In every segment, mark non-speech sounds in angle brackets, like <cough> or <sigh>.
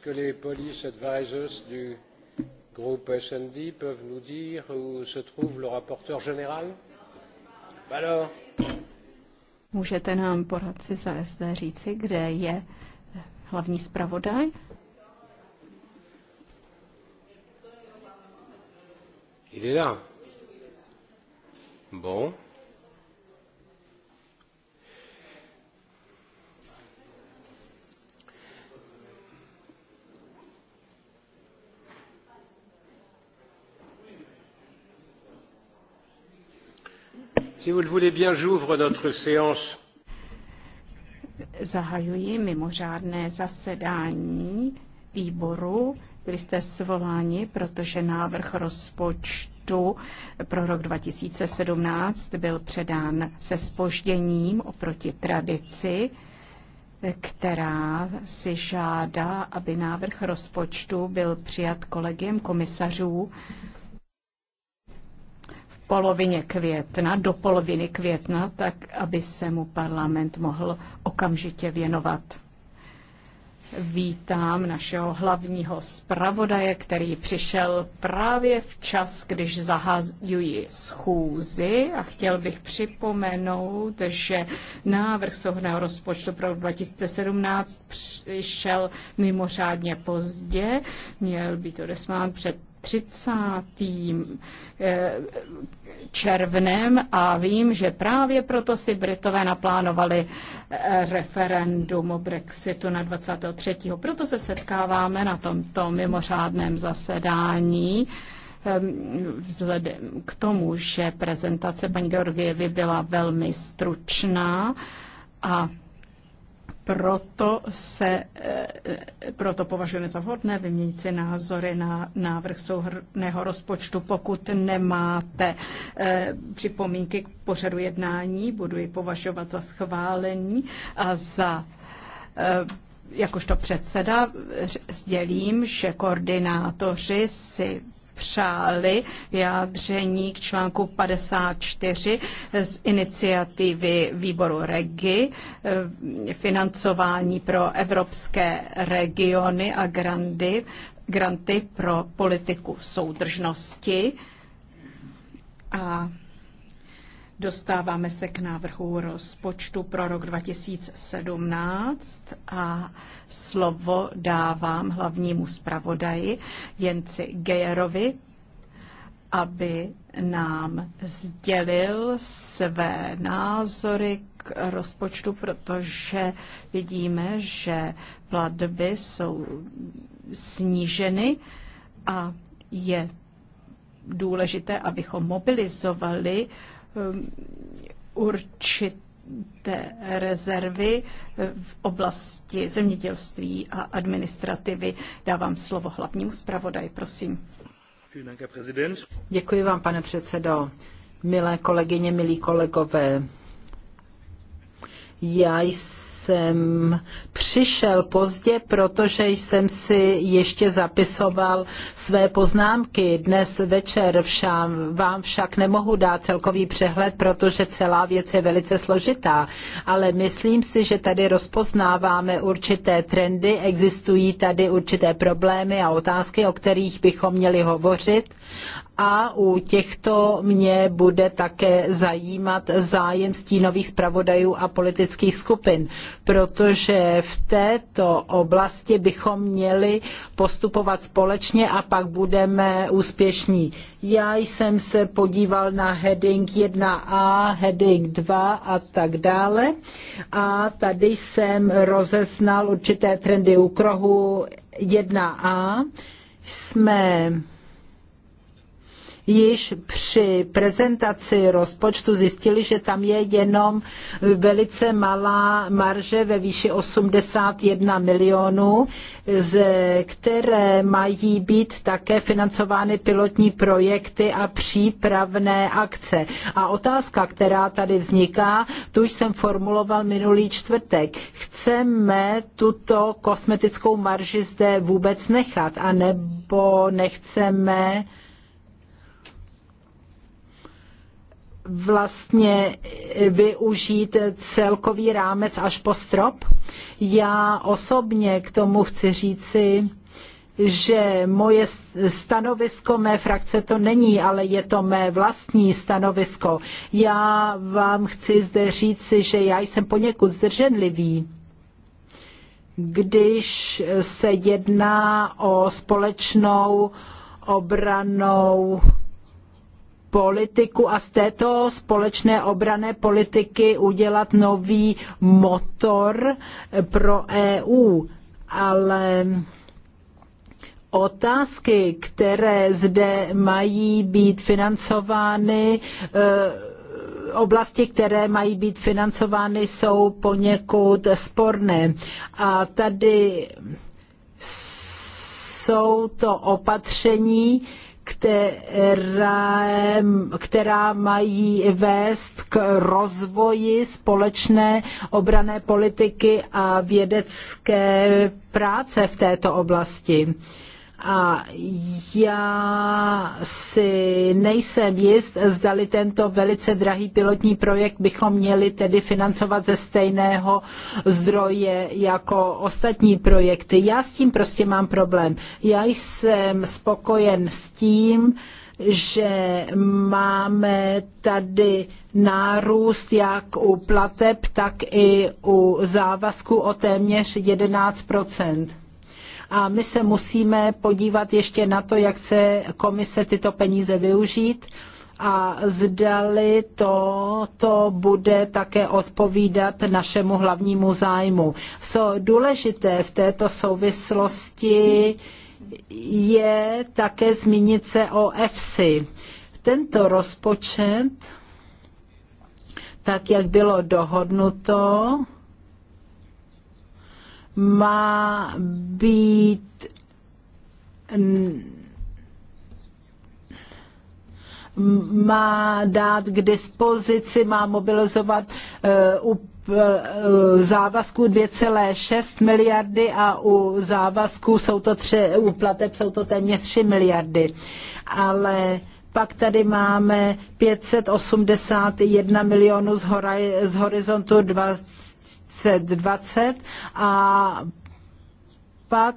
ce que les police du groupe S&D peuvent nous dire où se trouve le rapporteur général Alors Můžete nám poradci za SD říci, kde je hlavní zpravodaj? Il est là. Bon. Si vous le voulez Zahajuji mimořádné zasedání výboru. Byli jste svoláni, protože návrh rozpočtu pro rok 2017 byl předán se spožděním oproti tradici která si žádá, aby návrh rozpočtu byl přijat kolegiem komisařů polovině května, do poloviny května, tak aby se mu parlament mohl okamžitě věnovat. Vítám našeho hlavního zpravodaje, který přišel právě v čas, když zahazují schůzi a chtěl bych připomenout, že návrh souhrného rozpočtu pro 2017 přišel mimořádně pozdě, měl být odesmán před 30. Eh, červnem a vím, že právě proto si Britové naplánovali eh, referendum o Brexitu na 23. Proto se setkáváme na tomto mimořádném zasedání ehm, vzhledem k tomu, že prezentace paní Georgievy byla velmi stručná a proto, se, eh, proto považujeme za vhodné vyměnit si názory na návrh souhrného rozpočtu. Pokud nemáte eh, připomínky k pořadu jednání, budu ji považovat za schválení a za eh, jakožto předseda sdělím, že koordinátoři si přáli vyjádření k článku 54 z iniciativy výboru REGI, eh, financování pro evropské regiony a grandy, granty pro politiku soudržnosti. A Dostáváme se k návrhu rozpočtu pro rok 2017 a slovo dávám hlavnímu zpravodaji Jenci Gejerovi, aby nám sdělil své názory k rozpočtu, protože vidíme, že platby jsou sníženy a je důležité, abychom mobilizovali Um, určité rezervy eh, v oblasti zemědělství a administrativy. Dávám slovo hlavnímu zpravodaj, prosím. Děkuji vám, pane předsedo. Milé kolegyně, milí kolegové, já jsem jsem přišel pozdě, protože jsem si ještě zapisoval své poznámky. Dnes večer všam, vám však nemohu dát celkový přehled, protože celá věc je velice složitá. Ale myslím si, že tady rozpoznáváme určité trendy, existují tady určité problémy a otázky, o kterých bychom měli hovořit a u těchto mě bude také zajímat zájem stínových zpravodajů a politických skupin, protože v této oblasti bychom měli postupovat společně a pak budeme úspěšní. Já jsem se podíval na heading 1a, heading 2 a tak dále a tady jsem rozeznal určité trendy u krohu 1a. Jsme již při prezentaci rozpočtu zjistili, že tam je jenom velice malá marže ve výši 81 milionů, z které mají být také financovány pilotní projekty a přípravné akce. A otázka, která tady vzniká, tu jsem formuloval minulý čtvrtek. Chceme tuto kosmetickou marži zde vůbec nechat, anebo nechceme vlastně využít celkový rámec až po strop. Já osobně k tomu chci říci, že moje stanovisko mé frakce to není, ale je to mé vlastní stanovisko. Já vám chci zde říci, že já jsem poněkud zdrženlivý když se jedná o společnou obranou politiku a z této společné obrané politiky udělat nový motor pro EU. Ale otázky, které zde mají být financovány, eh, oblasti, které mají být financovány, jsou poněkud sporné. A tady jsou to opatření, které, která mají vést k rozvoji společné obrané politiky a vědecké práce v této oblasti a já si nejsem jist, zdali tento velice drahý pilotní projekt bychom měli tedy financovat ze stejného zdroje jako ostatní projekty. Já s tím prostě mám problém. Já jsem spokojen s tím, že máme tady nárůst jak u plateb, tak i u závazku o téměř 11 a my se musíme podívat ještě na to, jak chce komise tyto peníze využít a zdali to, to bude také odpovídat našemu hlavnímu zájmu. Co důležité v této souvislosti je také zmínit se o EFSI. Tento rozpočet, tak jak bylo dohodnuto, má být má dát k dispozici, má mobilizovat uh, u eh, závazku 2,6 miliardy a u závazku jsou to tři, u plateb jsou to téměř 3 miliardy. Ale pak tady máme 581 milionů z, z horizontu 20 2020 a pak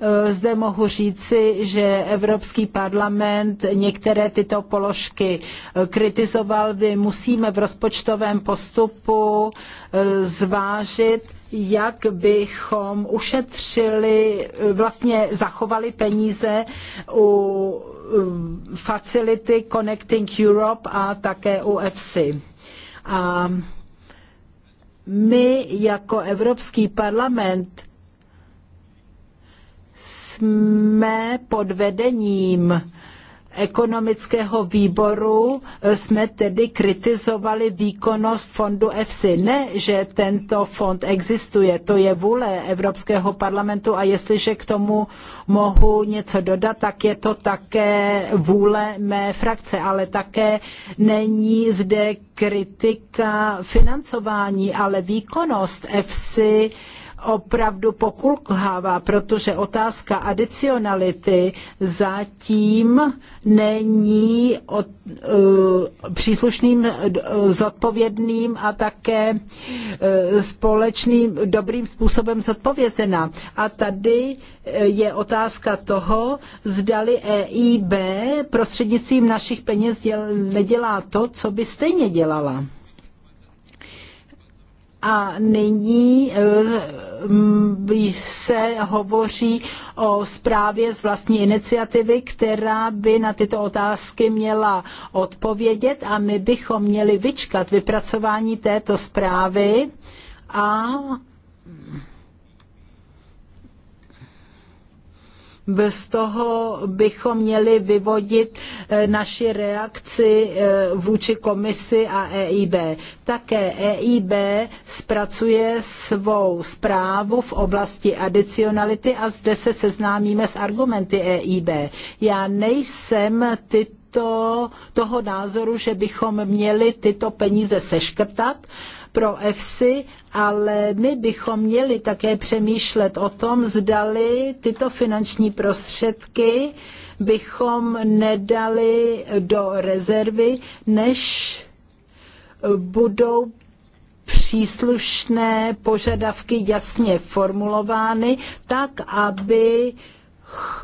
e, zde mohu říci, že Evropský parlament některé tyto položky e, kritizoval. My musíme v rozpočtovém postupu e, zvážit, jak bychom ušetřili, vlastně zachovali peníze u facility Connecting Europe a také u EFSI. A my jako Evropský parlament jsme pod vedením ekonomického výboru eh, jsme tedy kritizovali výkonnost fondu EFSI. Ne, že tento fond existuje, to je vůle Evropského parlamentu a jestliže k tomu mohu něco dodat, tak je to také vůle mé frakce, ale také není zde kritika financování, ale výkonnost EFSI opravdu pokulhává, protože otázka adicionality zatím není od, uh, příslušným uh, zodpovědným a také uh, společným dobrým způsobem zodpovězena. A tady je otázka toho, zdali EIB prostřednictvím našich peněz děl, nedělá to, co by stejně dělala. A nyní eh, se hovoří o zprávě z vlastní iniciativy, která by na tyto otázky měla odpovědět a my bychom měli vyčkat vypracování této zprávy a Z toho bychom měli vyvodit eh, naši reakci eh, vůči komisi a EIB. Také EIB zpracuje svou zprávu v oblasti adicionality a zde se seznámíme s argumenty EIB. Já nejsem ty toho názoru, že bychom měli tyto peníze seškrtat, pro EFSI, ale my bychom měli také přemýšlet o tom, zdali tyto finanční prostředky bychom nedali do rezervy, než budou příslušné požadavky jasně formulovány, tak aby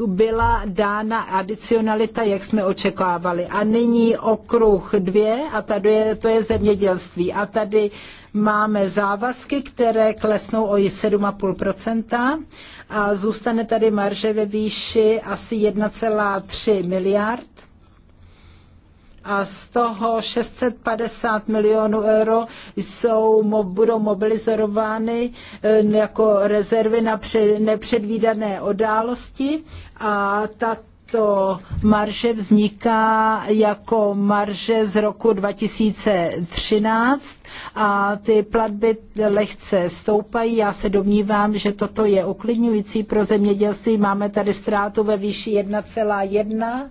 byla dána adicionalita, jak jsme očekávali. A nyní okruh dvě, a tady je, to je zemědělství. A tady Máme závazky, které klesnou o 7,5% a zůstane tady marže ve výši asi 1,3 miliard a z toho 650 milionů euro jsou, budou mobilizovány eh, jako rezervy na nepředvídané události a tak tato marže vzniká jako marže z roku 2013 a ty platby lehce stoupají. Já se domnívám, že toto je uklidňující pro zemědělství. Máme tady ztrátu ve výši 1,1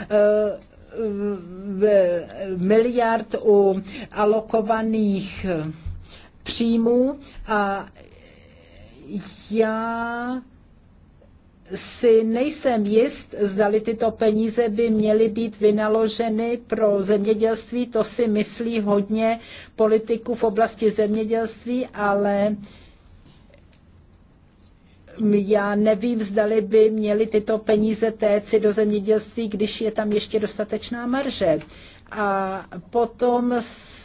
eh, eh, miliard u alokovaných příjmů a já si nejsem jist, zdali tyto peníze by měly být vynaloženy pro zemědělství. To si myslí hodně politiků v oblasti zemědělství, ale já nevím, zdali by měly tyto peníze téci do zemědělství, když je tam ještě dostatečná marže. A potom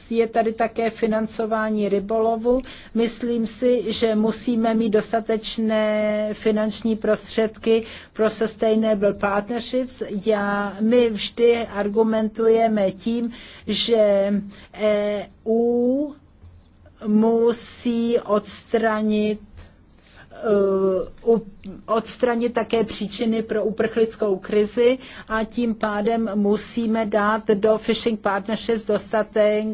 je tady také financování rybolovu. Myslím si, že musíme mít dostatečné finanční prostředky pro Sustainable Partnerships. Já, my vždy argumentujeme tím, že EU musí odstranit Eh, odstranit také příčiny pro uprchlickou krizi a tím pádem musíme dát do Fishing Partnerships dostatek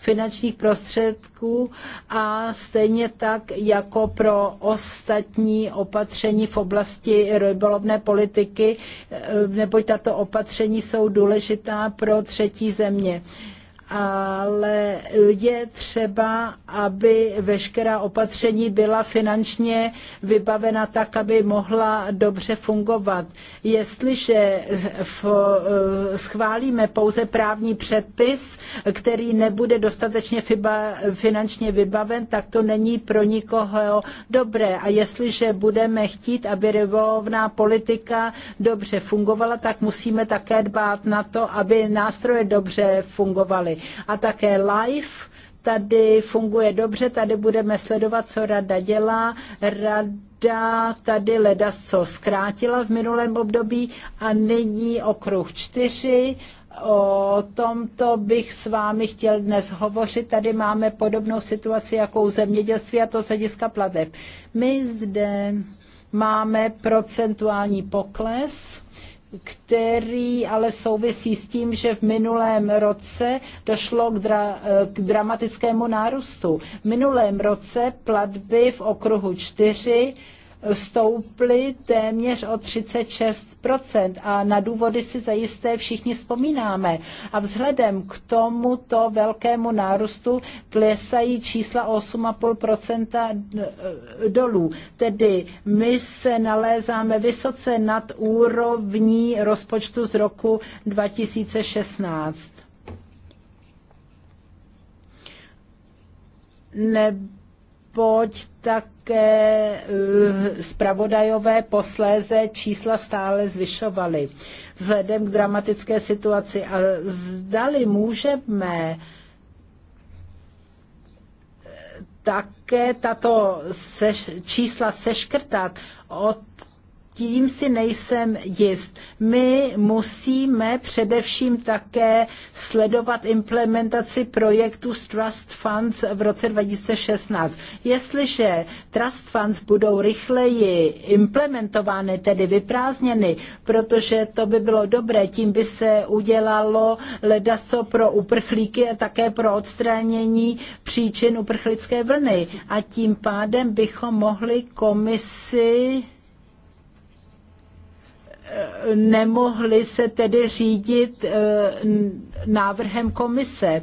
finančních prostředků a stejně tak jako pro ostatní opatření v oblasti rybolovné politiky, eh, neboť tato opatření jsou důležitá pro třetí země. Uh, ale je třeba, aby veškerá opatření byla finančně vybavena tak, aby mohla dobře fungovat. Jestliže eh, schválíme pouze právní předpis, který nebude dostatečně finančně vybaven, tak to není pro nikoho dobré. A jestliže budeme chtít, aby rybolovná politika dobře fungovala, tak musíme také dbát na to, aby nástroje dobře fungovaly. A také live tady funguje dobře, tady budeme sledovat, co rada dělá. Rada tady ledas, co zkrátila v minulém období a nyní okruh čtyři. O tomto bych s vámi chtěl dnes hovořit. Tady máme podobnou situaci jako u zemědělství a to z hlediska plateb. My zde máme procentuální pokles který ale souvisí s tím, že v minulém roce došlo k, dra, k dramatickému nárůstu. V minulém roce platby v okruhu 4 stouply téměř o 36% a na důvody si zajisté všichni vzpomínáme. A vzhledem k tomuto velkému nárůstu klesají čísla 8,5% eh, dolů. Tedy my se nalézáme vysoce nad úrovní rozpočtu z roku 2016. Ne Pojď také eh, zpravodajové posléze čísla stále zvyšovaly vzhledem k dramatické situaci. A zdali můžeme eh, také tato seš, čísla seškrtat od tím si nejsem jist. My musíme především také sledovat implementaci projektu z Trust Funds v roce 2016. Jestliže Trust Funds budou rychleji implementovány, tedy vyprázdněny, protože to by bylo dobré, tím by se udělalo ledaco pro uprchlíky a také pro odstranění příčin uprchlické vlny. A tím pádem bychom mohli komisi nemohli se tedy řídit eh, návrhem komise.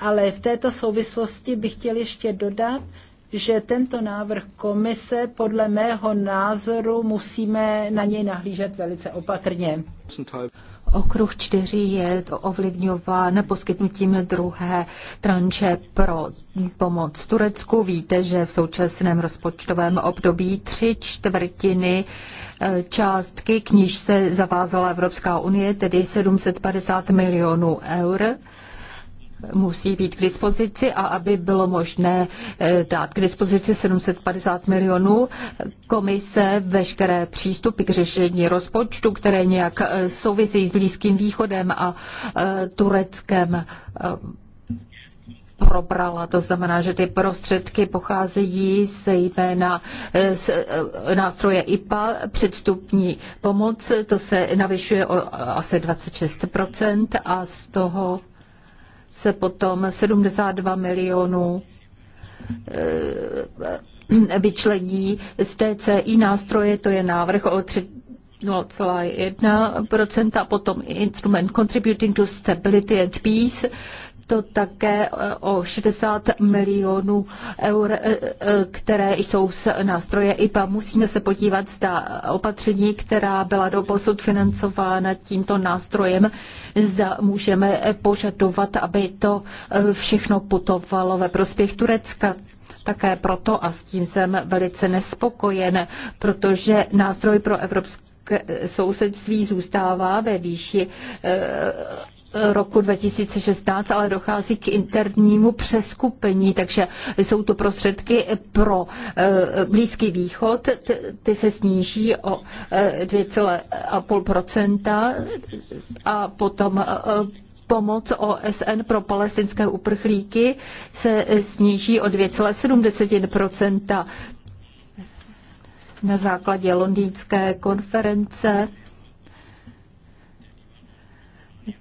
Ale v této souvislosti bych chtěl ještě dodat, že tento návrh komise podle mého názoru musíme na něj nahlížet velice opatrně. Okruh čtyři je ovlivňován poskytnutím druhé tranče pro pomoc Turecku. Víte, že v současném rozpočtovém období tři čtvrtiny eh, částky, k níž se zavázala Evropská unie, tedy 750 milionů eur, musí být k dispozici a aby bylo možné eh, dát k dispozici 750 milionů komise veškeré přístupy k řešení rozpočtu, které nějak eh, souvisí s Blízkým východem a eh, Tureckem probrala. To znamená, že ty prostředky pocházejí zejména z nástroje IPA, předstupní pomoc, to se navyšuje o asi 26% a z toho se potom 72 milionů eh, vyčlení z TCI nástroje, to je návrh o 0,1% a potom instrument Contributing to Stability and Peace, to také e, o 60 milionů eur, e, e, které jsou z nástroje IPA. Musíme se podívat, zda opatření, která byla do posud financována tímto nástrojem, zda můžeme požadovat, aby to všechno putovalo ve prospěch Turecka. Také proto, a s tím jsem velice nespokojen, protože nástroj pro evropské sousedství zůstává ve výši roku 2016, ale dochází k internímu přeskupení, takže jsou to prostředky pro eh, Blízký východ, ty se sníží o 2,5% eh, a potom eh, pomoc OSN pro palestinské uprchlíky se sníží o 2,7% na základě londýnské konference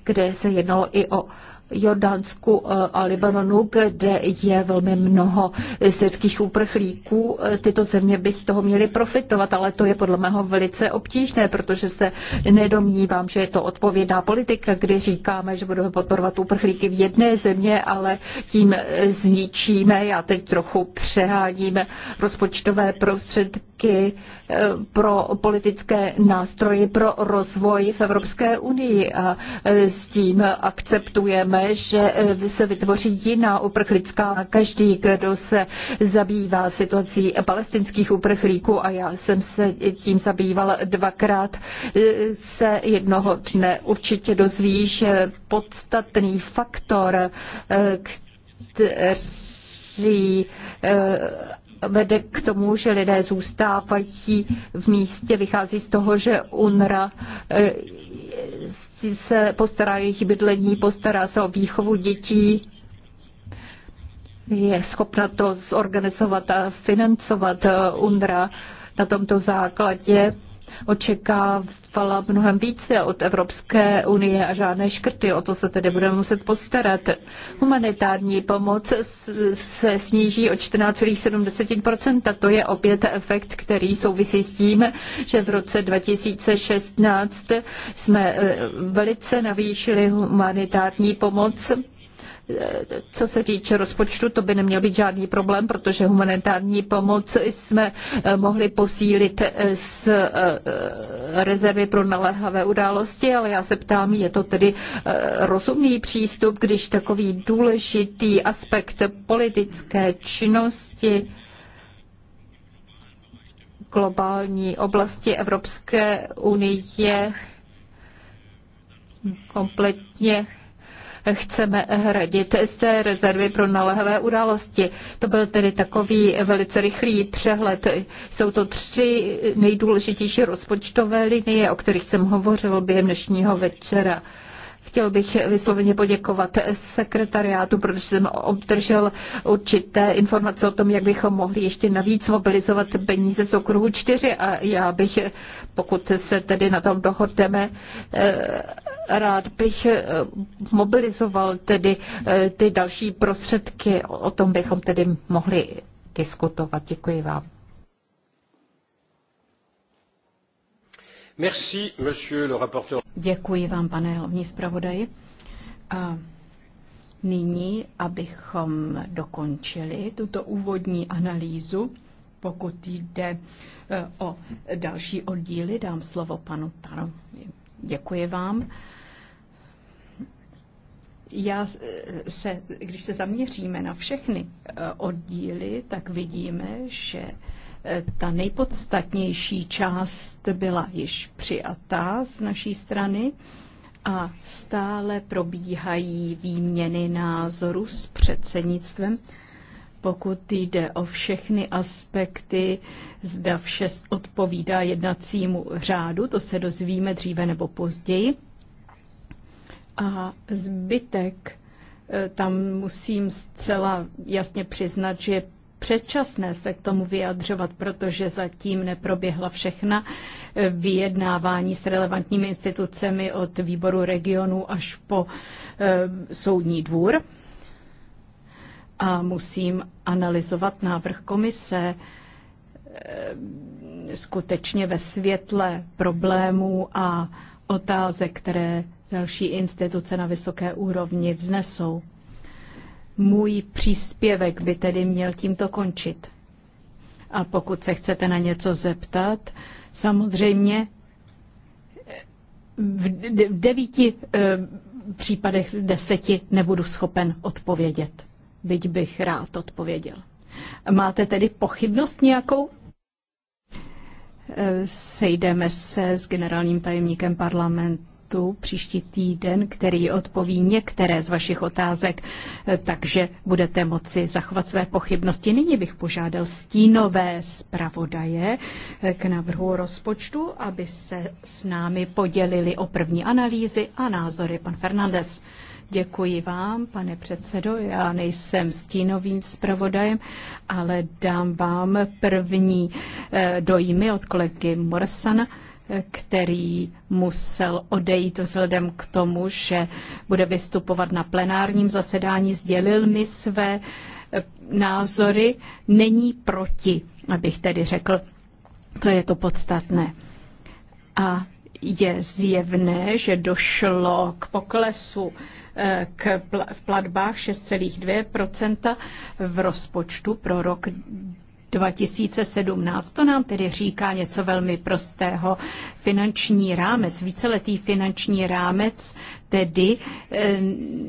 kde se jednalo i o Jordánsku eh, a Libanonu, kde je velmi mnoho syrských úprchlíků. Eh, tyto země by z toho měly profitovat, ale to je podle mého velice obtížné, protože se nedomnívám, že je to odpovědná politika, kdy říkáme, že budeme podporovat úprchlíky v jedné země, ale tím eh, zničíme, já teď trochu přeháníme rozpočtové prostředky páky eh, pro politické nástroje pro rozvoj v Evropské unii a eh, s tím akceptujeme, že eh, se vytvoří jiná uprchlická. Každý, kdo se zabývá situací palestinských uprchlíků a já jsem se tím zabýval dvakrát, se jednoho dne určitě dozví, že podstatný faktor, který vede k tomu, že lidé zůstávají v místě, vychází z toho, že UNRA eh, se postará jejich bydlení, postará se o výchovu dětí, je schopna to zorganizovat a financovat eh, UNRA na tomto základě očekávala mnohem více od Evropské unie a žádné škrty. O to se tedy budeme muset postarat. Humanitární pomoc se sníží o 14,7%. To je opět efekt, který souvisí s tím, že v roce 2016 jsme eh, velice navýšili humanitární pomoc co se týče rozpočtu, to by neměl být žádný problém, protože humanitární pomoc jsme eh, mohli posílit eh, z eh, rezervy pro naléhavé události, ale já se ptám, je to tedy rozumný přístup, když takový důležitý aspekt politické činnosti globální oblasti Evropské unie kompletně chceme hradit z té rezervy pro naléhavé události. To byl tedy takový velice rychlý přehled. Jsou to tři nejdůležitější rozpočtové linie, o kterých jsem hovořil během dnešního večera. Chtěl bych vysloveně poděkovat sekretariátu, protože jsem obdržel určité informace o tom, jak bychom mohli ještě navíc mobilizovat peníze z okruhu 4 a já bych, pokud se tedy na tom dohodneme, eh, rád bych eh, mobilizoval tedy eh, ty další prostředky. O tom bychom tedy mohli diskutovat. Děkuji vám. Merci, monsieur le rapporteur. Děkuji vám, pane hlavní zpravodaji. A nyní, abychom dokončili tuto úvodní analýzu, pokud jde eh, o další oddíly, dám slovo panu Taro. Děkuji vám. Já eh, se, když se zaměříme na všechny eh, oddíly, tak vidíme, že ta nejpodstatnější část byla již přijatá z naší strany a stále probíhají výměny názorů s předsednictvem, pokud jde o všechny aspekty, zda vše odpovídá jednacímu řádu, to se dozvíme dříve nebo později. A zbytek eh, tam musím zcela jasně přiznat, že předčasné se k tomu vyjadřovat, protože zatím neproběhla všechna eh, vyjednávání s relevantními institucemi od výboru regionu až po eh, soudní dvůr. A musím analyzovat návrh komise eh, skutečně ve světle problémů a otázek, které další instituce na vysoké úrovni vznesou. Můj příspěvek by tedy měl tímto končit. A pokud se chcete na něco zeptat, samozřejmě v devíti eh, případech z deseti nebudu schopen odpovědět, byť bych rád odpověděl. Máte tedy pochybnost nějakou? Eh, sejdeme se s generálním tajemníkem parlamentu tu příští týden, který odpoví některé z vašich otázek, eh, takže budete moci zachovat své pochybnosti. Nyní bych požádal stínové zpravodaje eh, k návrhu rozpočtu, aby se s námi podělili o první analýzy a názory. Pan Fernandez. Děkuji vám, pane předsedo. Já nejsem stínovým zpravodajem, ale dám vám první eh, dojmy od kolegy Morsana který musel odejít vzhledem k tomu, že bude vystupovat na plenárním zasedání, sdělil mi své eh, názory, není proti, abych tedy řekl. To je to podstatné. A je zjevné, že došlo k poklesu eh, k pl- v platbách 6,2 v rozpočtu pro rok 2017. To nám tedy říká něco velmi prostého. Finanční rámec, víceletý finanční rámec, tedy eh,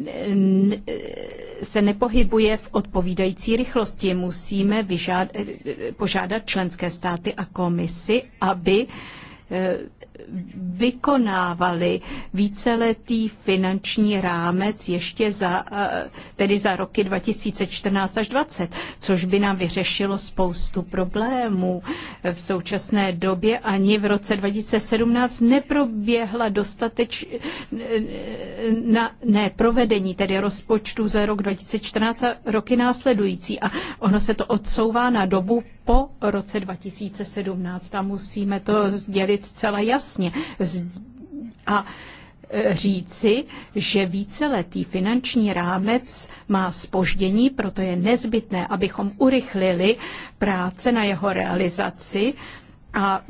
eh, se nepohybuje v odpovídající rychlosti. Musíme vyžád, eh, požádat členské státy a komisi, aby vykonávali víceletý finanční rámec ještě za, eh, tedy za roky 2014 až 2020, což by nám vyřešilo spoustu problémů. V současné době ani v roce 2017 neproběhla dostateč eh, na, ne, provedení tedy rozpočtu za rok 2014 a roky následující a ono se to odsouvá na dobu po roce 2017 a musíme to sdělit zcela jasně jasně a e, říci, že víceletý finanční rámec má spoždění, proto je nezbytné, abychom urychlili práce na jeho realizaci. A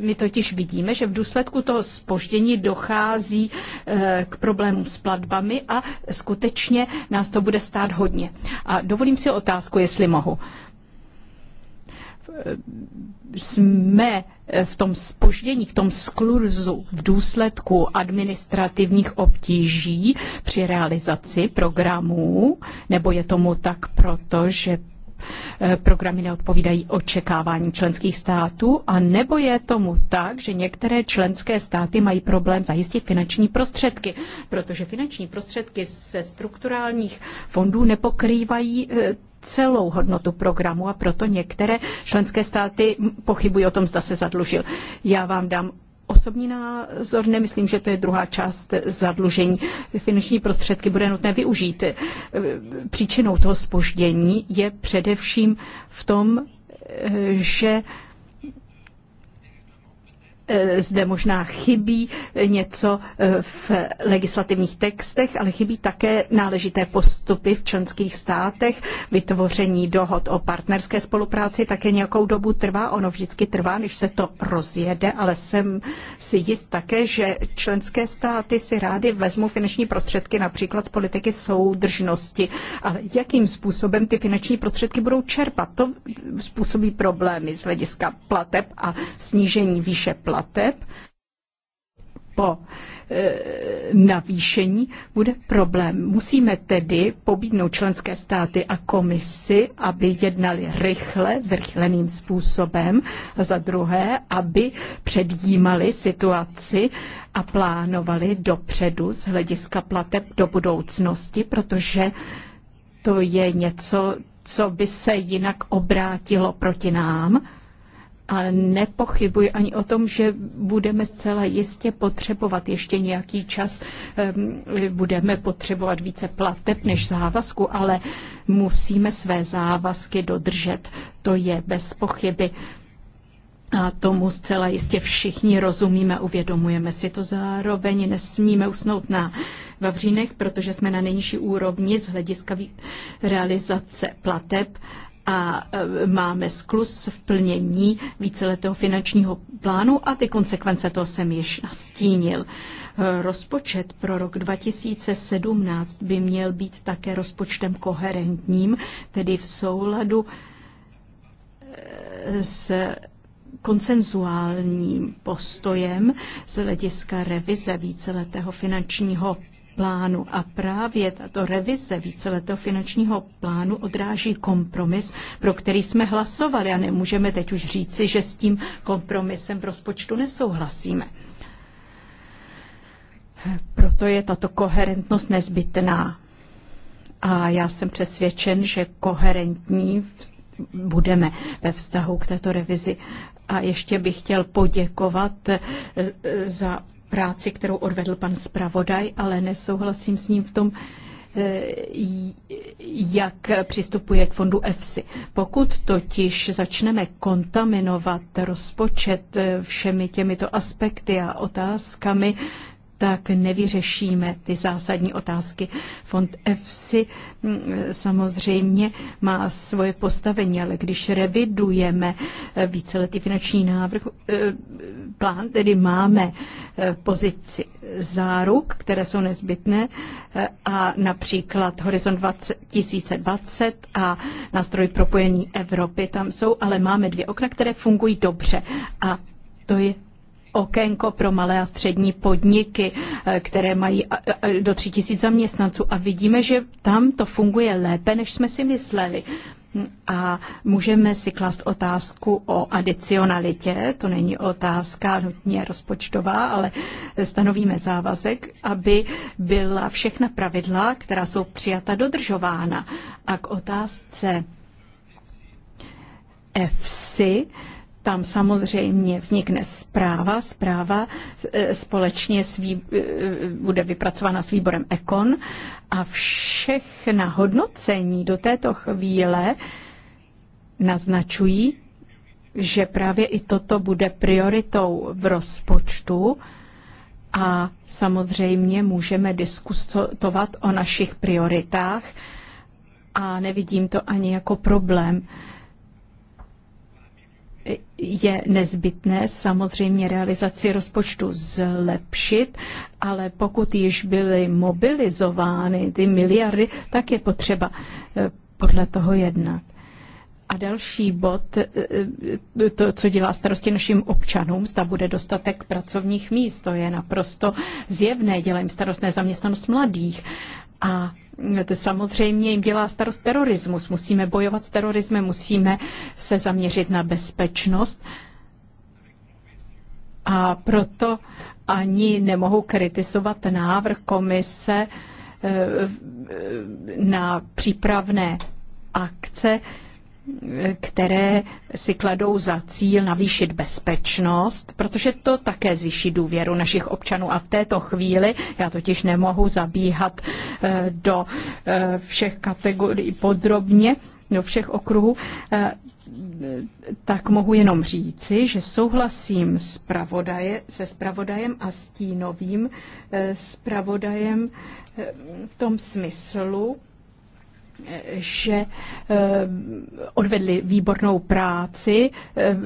my totiž vidíme, že v důsledku toho spoždění dochází e, k problémům s platbami a skutečně nás to bude stát hodně. A dovolím si otázku, jestli mohu. Eh, jsme eh, v tom spoždění, v tom skluzu v důsledku administrativních obtíží při realizaci programů, nebo je tomu tak proto, že eh, programy neodpovídají očekávání členských států, a nebo je tomu tak, že některé členské státy mají problém zajistit finanční prostředky, protože finanční prostředky ze strukturálních fondů nepokrývají celou hodnotu programu a proto některé členské státy pochybují o tom, zda se zadlužil. Já vám dám osobní názor, nemyslím, že to je druhá část zadlužení. Finanční prostředky bude nutné využít. E, příčinou toho spoždění je především v tom, e, že Eh, zde možná chybí eh, něco eh, v legislativních textech, ale chybí také náležité postupy v členských státech, vytvoření dohod o partnerské spolupráci také nějakou dobu trvá, ono vždycky trvá, než se to rozjede, ale jsem si jist také, že členské státy si rády vezmou finanční prostředky například z politiky soudržnosti, ale jakým způsobem ty finanční prostředky budou čerpat, to způsobí problémy z hlediska plateb a snížení výše plateb plateb po e, navýšení bude problém. Musíme tedy pobídnout členské státy a komisi, aby jednali rychle, zrychleným způsobem, a za druhé, aby předjímali situaci a plánovali dopředu z hlediska plateb do budoucnosti, protože to je něco, co by se jinak obrátilo proti nám a nepochybuji ani o tom, že budeme zcela jistě potřebovat ještě nějaký čas, ehm, budeme potřebovat více plateb než závazku, ale musíme své závazky dodržet. To je bez pochyby. A tomu zcela jistě všichni rozumíme, uvědomujeme si to zároveň, nesmíme usnout na Vavřínech, protože jsme na nejnižší úrovni z hlediska realizace plateb a e, máme sklus v plnění víceletého finančního plánu a ty konsekvence toho jsem již nastínil. E, rozpočet pro rok 2017 by měl být také rozpočtem koherentním, tedy v souladu e, s konsenzuálním postojem z hlediska revize víceletého finančního plánu. A právě tato revize víceletého finančního plánu odráží kompromis, pro který jsme hlasovali a nemůžeme teď už říci, že s tím kompromisem v rozpočtu nesouhlasíme. Proto je tato koherentnost nezbytná. A já jsem přesvědčen, že koherentní budeme ve vztahu k této revizi. A ještě bych chtěl poděkovat eh, eh, za práci, kterou odvedl pan zpravodaj, ale nesouhlasím s ním v tom, eh, jak přistupuje k fondu EFSI. Pokud totiž začneme kontaminovat rozpočet eh, všemi těmito aspekty a otázkami, tak nevyřešíme ty zásadní otázky. Fond EFSI mm, samozřejmě má svoje postavení, ale když revidujeme eh, víceletý finanční návrh, eh, plán, tedy máme eh, pozici záruk, které jsou nezbytné, a například Horizon 2020 a nástroj propojení Evropy tam jsou, ale máme dvě okna, které fungují dobře. A to je okénko pro malé a střední podniky, eh, které mají eh, eh, do 3000 zaměstnanců a vidíme, že tam to funguje lépe, než jsme si mysleli. A můžeme si klást otázku o adicionalitě, to není otázka nutně rozpočtová, ale stanovíme závazek, aby byla všechna pravidla, která jsou přijata, dodržována. A k otázce EFSI, tam samozřejmě vznikne zpráva. Zpráva e, společně s vý, e, bude vypracována s výborem Ekon a všechna hodnocení do této chvíle naznačují, že právě i toto bude prioritou v rozpočtu a samozřejmě můžeme diskutovat o našich prioritách a nevidím to ani jako problém je nezbytné samozřejmě realizaci rozpočtu zlepšit, ale pokud již byly mobilizovány ty miliardy, tak je potřeba eh, podle toho jednat. A další bod, eh, eh, to, co dělá starosti našim občanům, zda bude dostatek pracovních míst, to je naprosto zjevné. Dělají starostné zaměstnanost mladých. A Samozřejmě jim dělá starost terorismus. Musíme bojovat s terorismem, musíme se zaměřit na bezpečnost. A proto ani nemohu kritizovat návrh komise eh, eh, na přípravné akce, které si kladou za cíl navýšit bezpečnost, protože to také zvýší důvěru našich občanů. A v této chvíli, já totiž nemohu zabíhat eh, do eh, všech kategorií podrobně, do všech okruhů, eh, tak mohu jenom říci, že souhlasím s pravodaje, se spravodajem a stínovým spravodajem v tom smyslu, že eh, odvedli výbornou práci, eh,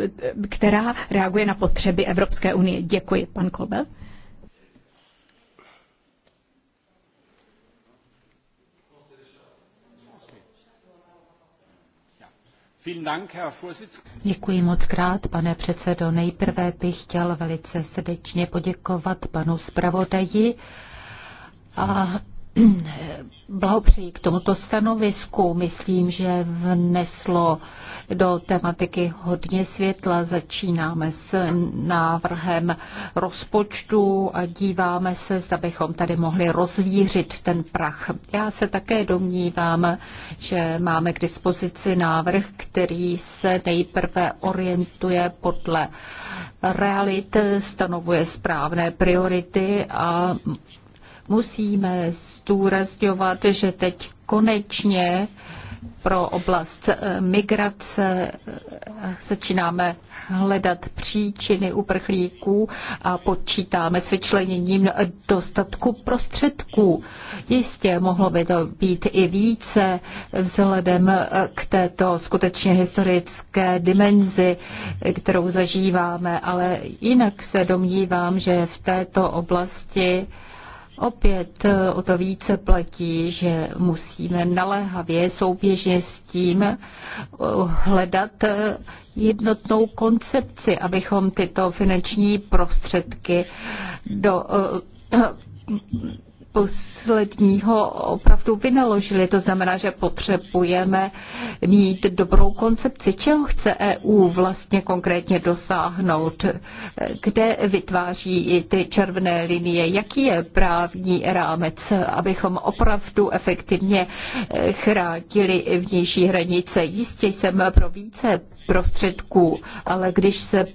která reaguje na potřeby Evropské unie. Děkuji, pan Kolbel. Děkuji moc krát, pane předsedo. Nejprve bych chtěl velice srdečně poděkovat panu zpravodaji a <clears throat> blahopřeji k tomuto stanovisku. Myslím, že vneslo do tematiky hodně světla. Začínáme s návrhem rozpočtu a díváme se, zda bychom tady mohli rozvířit ten prach. Já se také domnívám, že máme k dispozici návrh, který se nejprve orientuje podle realit, stanovuje správné priority a Musíme zdůrazňovat, že teď konečně pro oblast eh, migrace eh, začínáme hledat příčiny uprchlíků a počítáme s vyčleněním dostatku prostředků. Jistě mohlo by to být i více vzhledem eh, k této skutečně historické dimenzi, kterou zažíváme, ale jinak se domnívám, že v této oblasti Opět eh, o to více platí, že musíme naléhavě souběžně s tím eh, hledat eh, jednotnou koncepci, abychom tyto finanční prostředky do posledního opravdu vynaložili. To znamená, že potřebujeme mít dobrou koncepci, čeho chce EU vlastně konkrétně dosáhnout, kde vytváří ty červené linie, jaký je právní rámec, abychom opravdu efektivně chrátili vnější hranice. Jistě jsem pro více prostředků, ale když se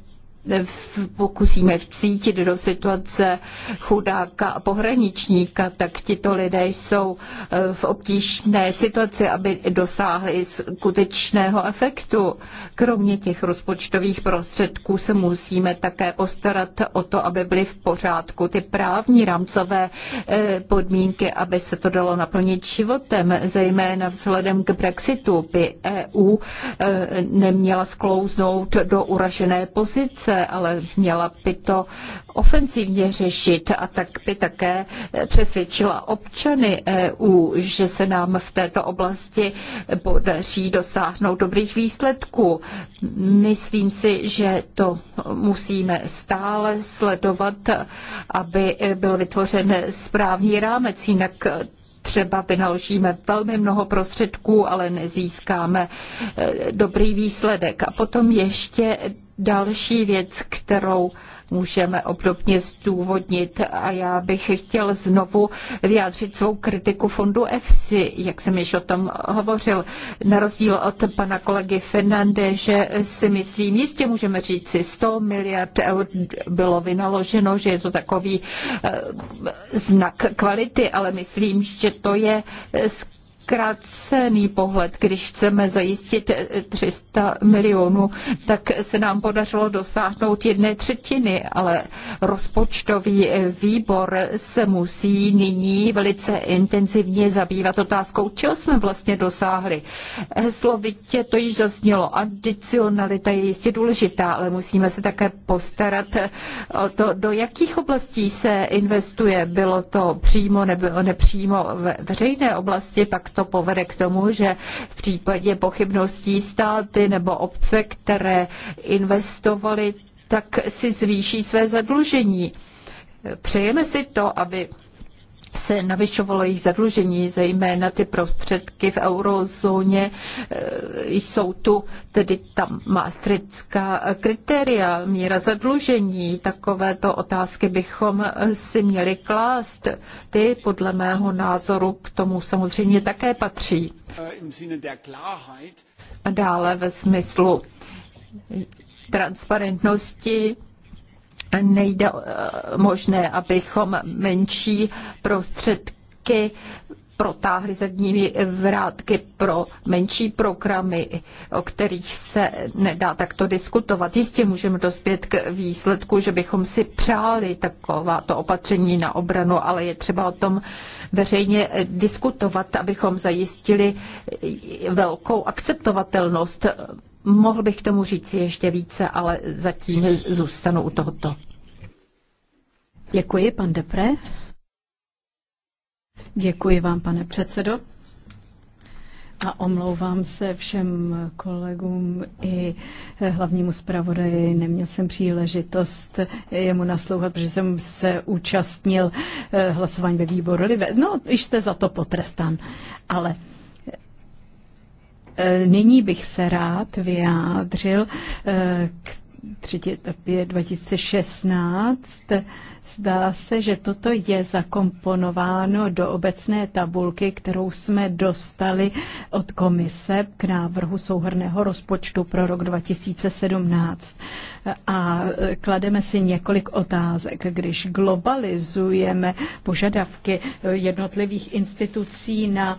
pokusíme vcítit do situace chudáka a pohraničníka, tak tito lidé jsou eh, v obtížné situaci, aby dosáhli skutečného efektu. Kromě těch rozpočtových prostředků se musíme také postarat o to, aby byly v pořádku ty právní rámcové eh, podmínky, aby se to dalo naplnit životem, zejména vzhledem k Brexitu by EU eh, neměla sklouznout do uražené pozice krize, ale měla by to ofenzivně řešit a tak by také přesvědčila občany EU, že se nám v této oblasti podaří dosáhnout dobrých výsledků. Myslím si, že to musíme stále sledovat, aby byl vytvořen správný rámec, jinak třeba vynaložíme velmi mnoho prostředků, ale nezískáme eh, dobrý výsledek. A potom ještě další věc, kterou můžeme obdobně zdůvodnit a já bych chtěl znovu vyjádřit svou kritiku fondu EFSI, jak jsem již o tom hovořil. Na rozdíl od pana kolegy že si myslím, jistě můžeme říct si 100 miliard eur bylo vynaloženo, že je to takový eh, znak kvality, ale myslím, že to je zkrácený pohled. Když chceme zajistit 300 milionů, tak se nám podařilo dosáhnout jedné třetiny, ale rozpočtový výbor se musí nyní velice intenzivně zabývat otázkou, čeho jsme vlastně dosáhli. Slovitě to již zaznělo. Adicionalita je jistě důležitá, ale musíme se také postarat o to, do jakých oblastí se investuje. Bylo to přímo nebo nepřímo ve veřejné oblasti, pak to povede k tomu, že v případě pochybností státy nebo obce, které investovaly, tak si zvýší své zadlužení. Přejeme si to, aby se navyšovalo jejich zadlužení, zejména ty prostředky v eurozóně eh, jsou tu, tedy tam maastrická kritéria, míra zadlužení, takovéto otázky bychom si měli klást. Ty podle mého názoru k tomu samozřejmě také patří. Äh, A dále ve smyslu transparentnosti nejde eh, možné, abychom menší prostředky protáhli zadními vrátky pro menší programy, o kterých se nedá takto diskutovat. Jistě můžeme dospět k výsledku, že bychom si přáli takováto opatření na obranu, ale je třeba o tom veřejně diskutovat, abychom zajistili velkou akceptovatelnost Mohl bych k tomu říct ještě více, ale zatím zůstanu u tohoto. Děkuji, pan Depre. Děkuji vám, pane předsedo. A omlouvám se všem kolegům i hlavnímu zpravodaji. Neměl jsem příležitost jemu naslouchat, protože jsem se účastnil eh, hlasování ve výboru No, již jste za to potrestán. Ale Eh, nyní bych se rád vyjádřil eh, k třetí etapě 2016. Zdá se, že toto je zakomponováno do obecné tabulky, kterou jsme dostali od komise k návrhu souhrného rozpočtu pro rok 2017. A klademe si několik otázek. Když globalizujeme požadavky jednotlivých institucí na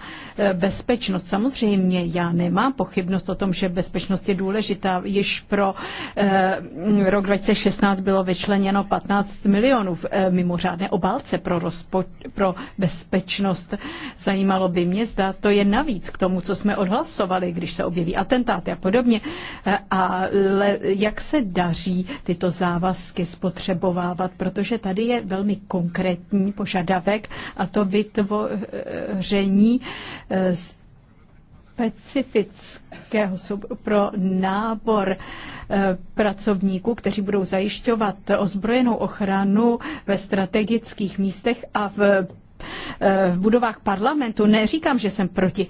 bezpečnost, samozřejmě já nemám pochybnost o tom, že bezpečnost je důležitá již pro eh, Eh, rok 2016 bylo vyčleněno 15 milionů v eh, mimořádné obálce pro, rozpo, pro bezpečnost. Zajímalo by mě, zda to je navíc k tomu, co jsme odhlasovali, když se objeví atentáty a podobně. Eh, Ale jak se daří tyto závazky spotřebovávat, protože tady je velmi konkrétní požadavek a to vytvoření specifického pro nábor eh, pracovníků, kteří budou zajišťovat ozbrojenou ochranu ve strategických místech a v, eh, v budovách parlamentu. Neříkám, že jsem proti.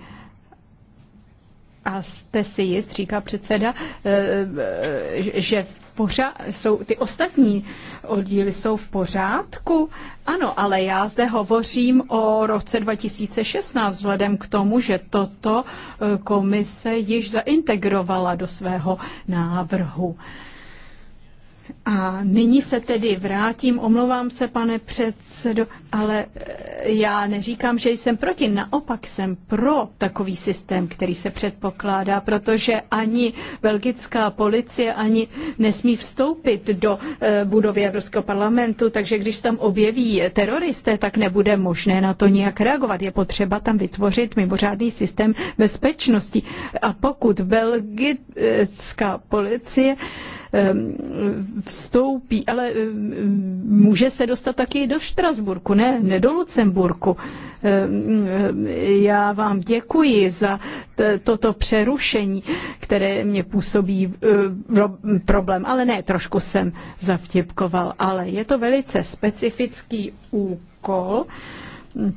A jste si jist, říká předseda, eh, že pořád, jsou ty ostatní oddíly jsou v pořádku? Ano, ale já zde hovořím o roce 2016, vzhledem k tomu, že toto eh, komise již zaintegrovala do svého návrhu. A nyní se tedy vrátím, omlouvám se, pane předsedo, ale e, já neříkám, že jsem proti, naopak jsem pro takový systém, který se předpokládá, protože ani belgická policie ani nesmí vstoupit do e, budovy Evropského parlamentu, takže když tam objeví teroristé, tak nebude možné na to nijak reagovat. Je potřeba tam vytvořit mimořádný systém bezpečnosti. A pokud belgická policie Ehm, vstoupí, ale ehm, může se dostat taky do Štrasburku, ne, ne do Lucemburku. Ehm, já vám děkuji za toto přerušení, které mě působí e, problém, ale ne, trošku jsem zavtipkoval, ale je to velice specifický úkol, hm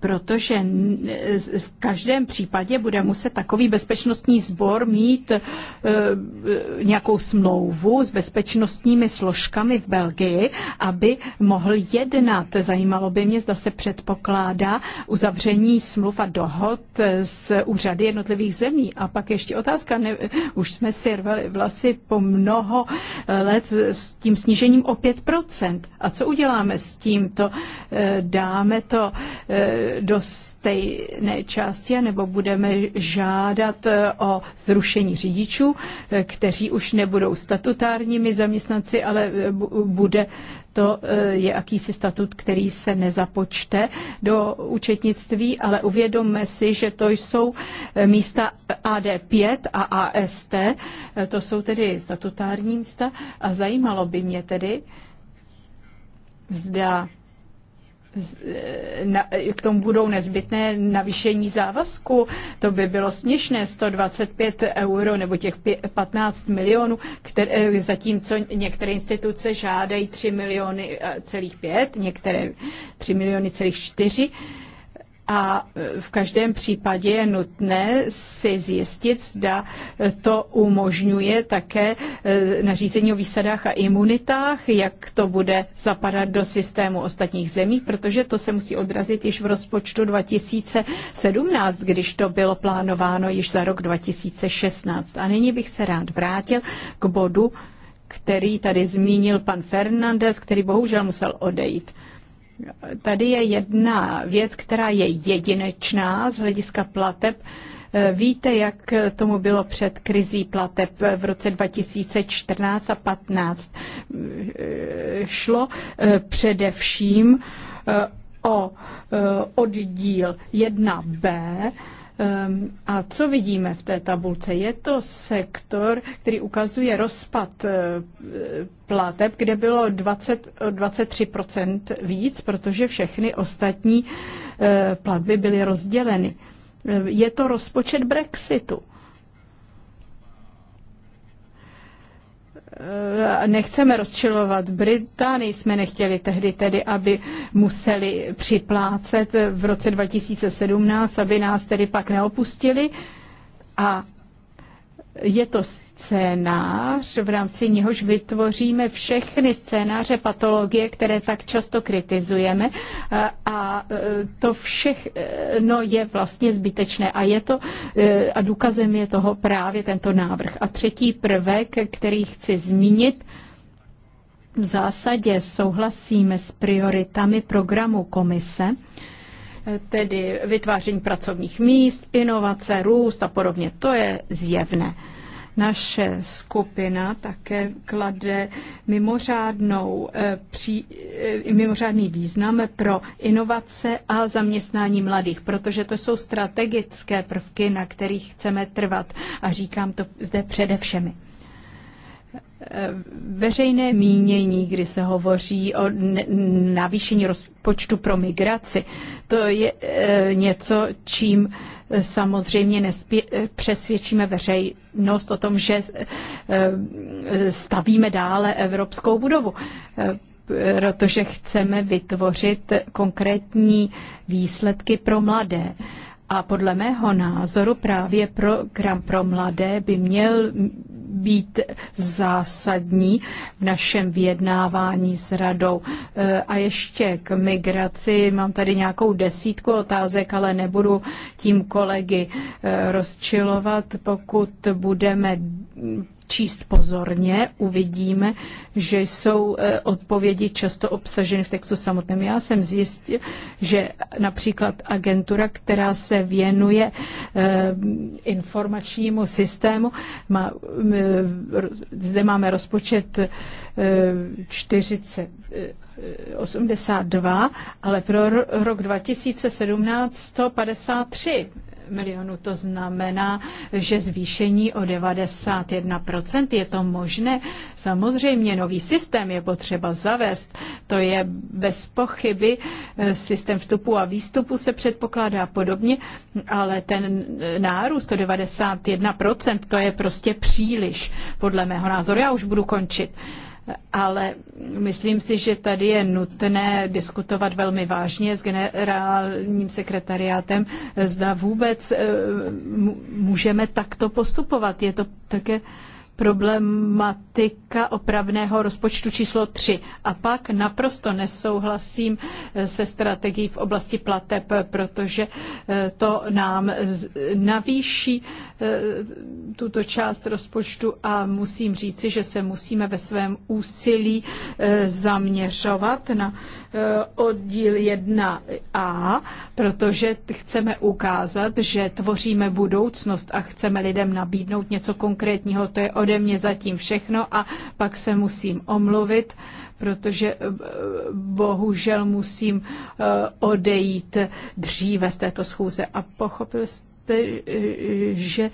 protože v každém případě bude muset takový bezpečnostní sbor mít e, e, nějakou smlouvu s bezpečnostními složkami v Belgii, aby mohl jednat. Zajímalo by mě, zda se předpokládá uzavření smluv a dohod s úřady jednotlivých zemí. A pak ještě otázka, ne, už jsme si rvali vlasy po mnoho let s tím snížením o 5%. A co uděláme s tímto? E, dáme to e, do stejné části, nebo budeme žádat e, o zrušení řidičů, e, kteří už nebudou statutárními zaměstnanci, ale e, bude to je jakýsi statut, který se nezapočte do účetnictví, ale uvědomme si, že to jsou místa AD5 a AST, to jsou tedy statutární místa a zajímalo by mě tedy, zda Eh, eh, k tomu budou nezbytné navýšení závazku. To by bylo směšné, 125 euro nebo těch 15 milionů, které, eh, zatímco některé instituce žádají 3 miliony celých 5, některé 3 miliony celých 4 a v každém případě je nutné si zjistit, zda to umožňuje také eh, nařízení o výsadách a imunitách, jak to bude zapadat do systému ostatních zemí, protože to se musí odrazit již v rozpočtu 2017, když to bylo plánováno již za rok 2016. A nyní bych se rád vrátil k bodu, který tady zmínil pan Fernandez, který bohužel musel odejít. Tady je jedna věc, která je jedinečná z hlediska plateb. Eh, víte, jak tomu bylo před krizí plateb v roce 2014 a 2015? Eh, šlo eh, především o oddíl 1b Ehm, a co vidíme v té tabulce? Je to sektor, který ukazuje rozpad eh, plateb, kde bylo 20, 23% víc, protože všechny ostatní eh, platby byly rozděleny. Ehm, je to rozpočet Brexitu. Eh, nechceme rozčilovat Británii, jsme nechtěli tehdy tedy, aby museli připlácet v roce 2017, aby nás tedy pak neopustili. A je to scénář, v rámci něhož vytvoříme všechny scénáře patologie, které tak často kritizujeme a to všechno je vlastně zbytečné a je to a důkazem je toho právě tento návrh. A třetí prvek, který chci zmínit, v zásadě souhlasíme s prioritami programu komise, tedy vytváření pracovních míst, inovace, růst a podobně. To je zjevné. Naše skupina také klade mimořádnou, eh, při, eh, mimořádný význam pro inovace a zaměstnání mladých, protože to jsou strategické prvky, na kterých chceme trvat. A říkám to zde především. Eh, veřejné mínění, kdy se hovoří o navýšení rozpočtu pro migraci. To je eh, něco, čím eh, samozřejmě nespě- přesvědčíme veřejnost o tom, že stavíme dále evropskou budovu protože chceme vytvořit konkrétní výsledky pro mladé. A podle mého názoru právě program pro mladé by měl být zásadní v našem vyjednávání s radou. E, a ještě k migraci. Mám tady nějakou desítku otázek, ale nebudu tím kolegy e, rozčilovat. Pokud budeme číst pozorně, uvidíme, že jsou eh, odpovědi často obsaženy v textu samotném. Já jsem zjistil, že například agentura, která se věnuje eh, informačnímu systému, má, eh, zde máme rozpočet 40 82, ale pro rok 2017 153 milionů. To znamená, že zvýšení o 91%. Je to možné? Samozřejmě nový systém je potřeba zavést. To je bez pochyby eh, systém vstupu a výstupu se předpokládá podobně, ale ten nárůst o 91%, to je prostě příliš, podle mého názoru. Já už budu končit ale myslím si, že tady je nutné diskutovat velmi vážně s generálním sekretariátem, zda vůbec eh, můžeme takto postupovat. Je to také problematika opravného rozpočtu číslo 3. A pak naprosto nesouhlasím eh, se strategií v oblasti plateb, protože eh, to nám navýší eh, tuto část rozpočtu a musím říci, že se musíme ve svém úsilí zaměřovat na Eh, oddíl 1a, protože chceme ukázat, že tvoříme budoucnost a chceme lidem nabídnout něco konkrétního. To je ode mě zatím všechno a pak se musím omluvit, protože eh, bohužel musím eh, odejít dříve z této schůze a pochopil jste, že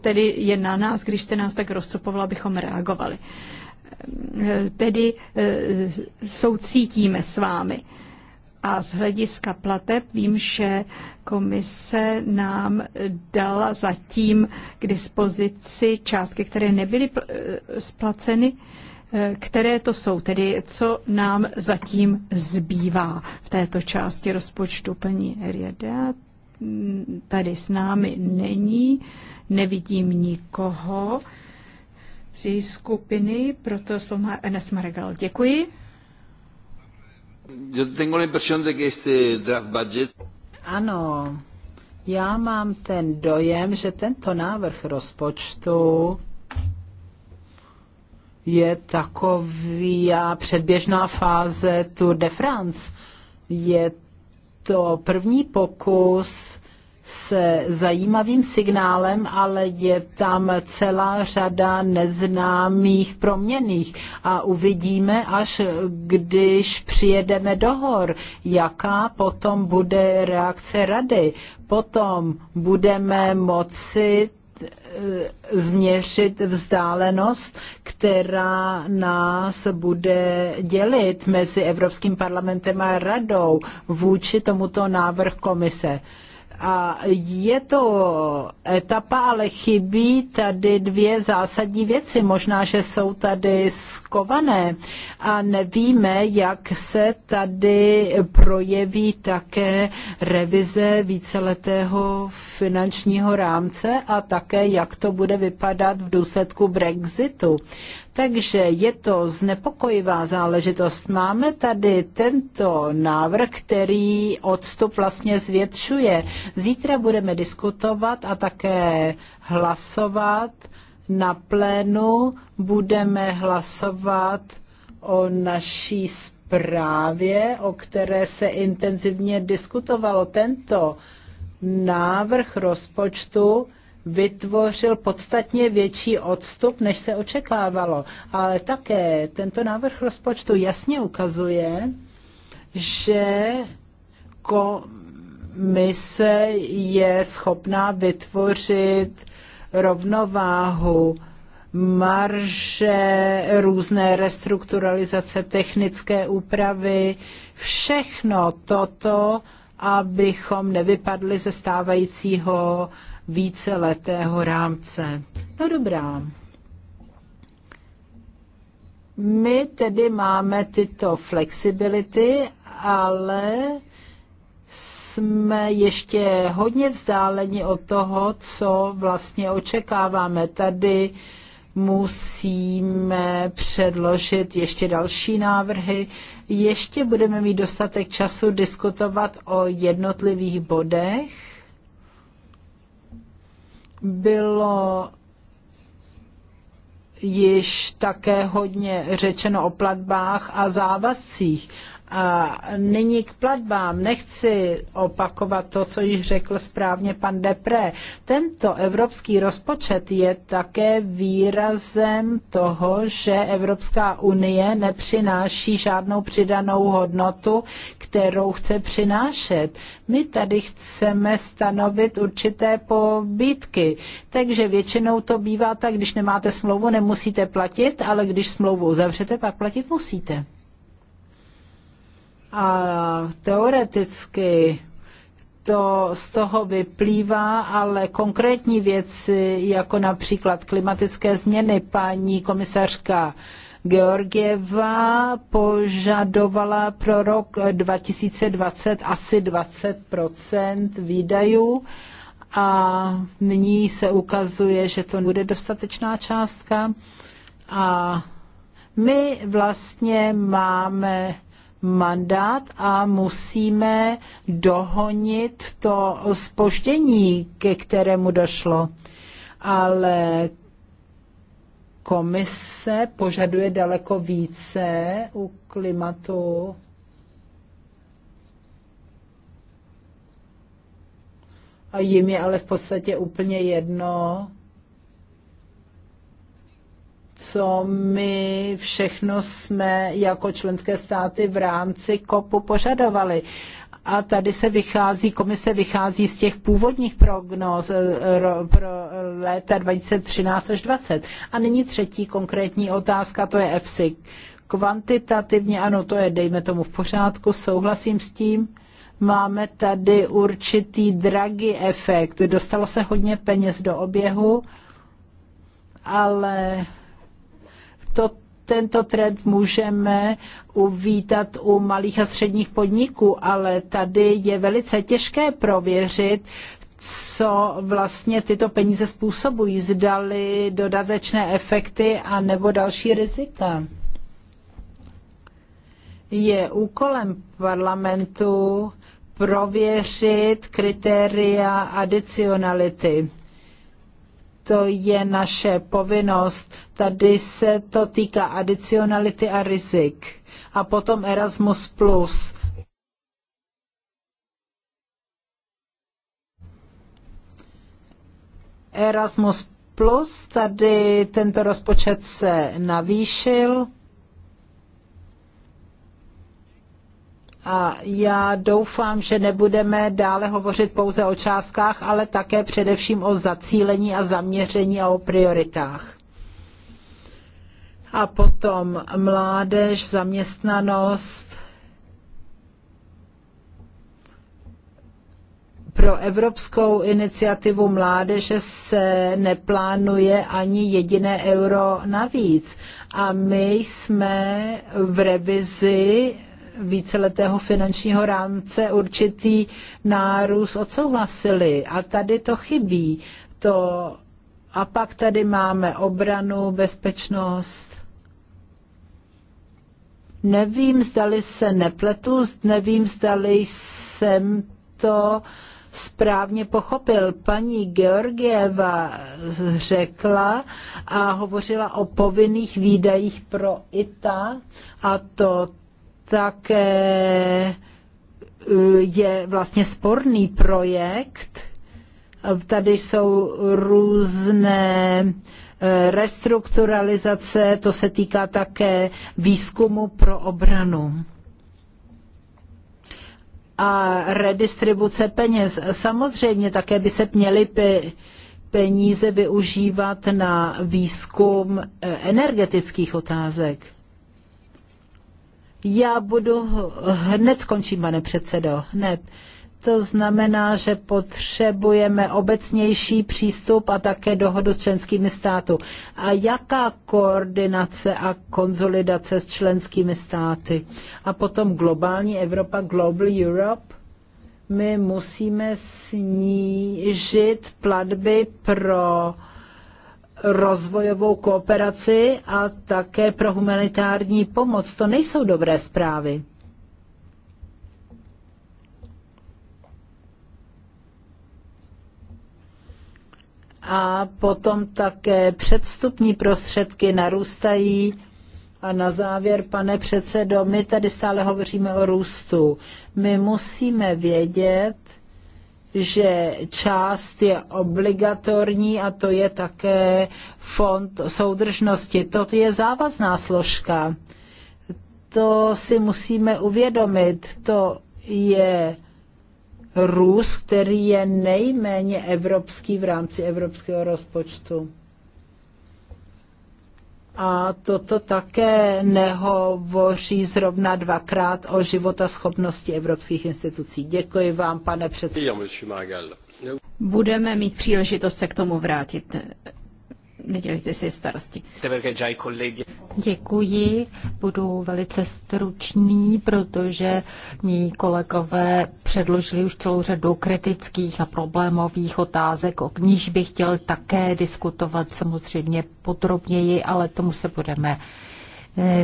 tedy je na nás, když jste nás tak rozcupovala, abychom reagovali tedy eh, soucítíme s vámi. A z hlediska plateb vím, že komise nám dala zatím k dispozici částky, které nebyly eh, splaceny. Eh, které to jsou, tedy co nám zatím zbývá v této části rozpočtu paní Rieda? Mm, tady s námi není, nevidím nikoho z její skupiny, proto jsou má Enes Maregal. Děkuji. Ano, já mám ten dojem, že tento návrh rozpočtu je takový předběžná fáze Tour de France. Je to první pokus se zajímavým signálem, ale je tam celá řada neznámých proměných a uvidíme, až když přijedeme do hor, jaká potom bude reakce rady. Potom budeme moci eh, změřit vzdálenost, která nás bude dělit mezi Evropským parlamentem a radou vůči tomuto návrh komise. A je to etapa, ale chybí tady dvě zásadní věci. Možná, že jsou tady skované a nevíme, jak se tady projeví také revize víceletého finančního rámce a také, jak to bude vypadat v důsledku Brexitu. Takže je to znepokojivá záležitost. Máme tady tento návrh, který odstup vlastně zvětšuje. Zítra budeme diskutovat a také hlasovat. Na plénu budeme hlasovat o naší zprávě, o které se intenzivně diskutovalo. Tento návrh rozpočtu vytvořil podstatně větší odstup, než se očekávalo. Ale také tento návrh rozpočtu jasně ukazuje, že komise je schopná vytvořit rovnováhu marže, různé restrukturalizace, technické úpravy, všechno toto, abychom nevypadli ze stávajícího víceletého rámce. No dobrá. My tedy máme tyto flexibility, ale jsme ještě hodně vzdáleni od toho, co vlastně očekáváme. Tady musíme předložit ještě další návrhy. Ještě budeme mít dostatek času diskutovat o jednotlivých bodech bylo již také hodně řečeno o platbách a závazcích, a nyní k platbám. Nechci opakovat to, co již řekl správně pan Depré. Tento evropský rozpočet je také výrazem toho, že Evropská unie nepřináší žádnou přidanou hodnotu, kterou chce přinášet. My tady chceme stanovit určité pobítky. Takže většinou to bývá tak, když nemáte smlouvu, nemusíte platit, ale když smlouvu uzavřete, pak platit musíte. A teoreticky to z toho vyplývá, ale konkrétní věci, jako například klimatické změny, paní komisařka Georgieva požadovala pro rok 2020 asi 20 výdajů a nyní se ukazuje, že to bude dostatečná částka a my vlastně máme mandát a musíme dohonit to spoždění, ke kterému došlo. Ale komise požaduje daleko více u klimatu. A jim je ale v podstatě úplně jedno, co my všechno jsme jako členské státy v rámci COPu požadovali. A tady se vychází, komise vychází z těch původních prognóz eh, pro léta 2013 až 2020. A nyní třetí konkrétní otázka, to je EFSI. Kvantitativně ano, to je, dejme tomu, v pořádku, souhlasím s tím máme tady určitý dragy efekt. Dostalo se hodně peněz do oběhu, ale to, tento trend můžeme uvítat u malých a středních podniků, ale tady je velice těžké prověřit, co vlastně tyto peníze způsobují, zdali dodatečné efekty a nebo další rizika. Je úkolem parlamentu prověřit kritéria adicionality to je naše povinnost. Tady se to týká adicionality a rizik. A potom Erasmus+. Plus. Erasmus Plus, tady tento rozpočet se navýšil. A já doufám, že nebudeme dále hovořit pouze o částkách, ale také především o zacílení a zaměření a o prioritách. A potom mládež, zaměstnanost. Pro Evropskou iniciativu mládeže se neplánuje ani jediné euro navíc. A my jsme v revizi víceletého finančního rámce určitý nárůst odsouhlasili a tady to chybí. To a pak tady máme obranu, bezpečnost. Nevím, zdali se nepletu, nevím, zdali jsem to správně pochopil. Paní Georgieva řekla a hovořila o povinných výdajích pro ITA a to také eh, je vlastně sporný projekt. Tady jsou různé eh, restrukturalizace, to se týká také výzkumu pro obranu a redistribuce peněz. Samozřejmě také by se měly peníze využívat na výzkum eh, energetických otázek. Já budu, hned skončím, pane předsedo, hned. To znamená, že potřebujeme obecnější přístup a také dohodu s členskými státy. A jaká koordinace a konzolidace s členskými státy? A potom globální Evropa, Global Europe? My musíme snížit platby pro rozvojovou kooperaci a také pro humanitární pomoc. To nejsou dobré zprávy. A potom také předstupní prostředky narůstají. A na závěr, pane předsedo, my tady stále hovoříme o růstu. My musíme vědět, že část je obligatorní a to je také fond soudržnosti. To je závazná složka. To si musíme uvědomit. To je růst, který je nejméně evropský v rámci evropského rozpočtu. A toto také nehovoří zrovna dvakrát o schopnosti evropských institucí. Děkuji vám, pane předsedo. Budeme mít příležitost se k tomu vrátit nedělejte si starosti. Děkuji, budu velice stručný, protože mý kolegové předložili už celou řadu kritických a problémových otázek, o níž bych chtěl také diskutovat samozřejmě podrobněji, ale tomu se budeme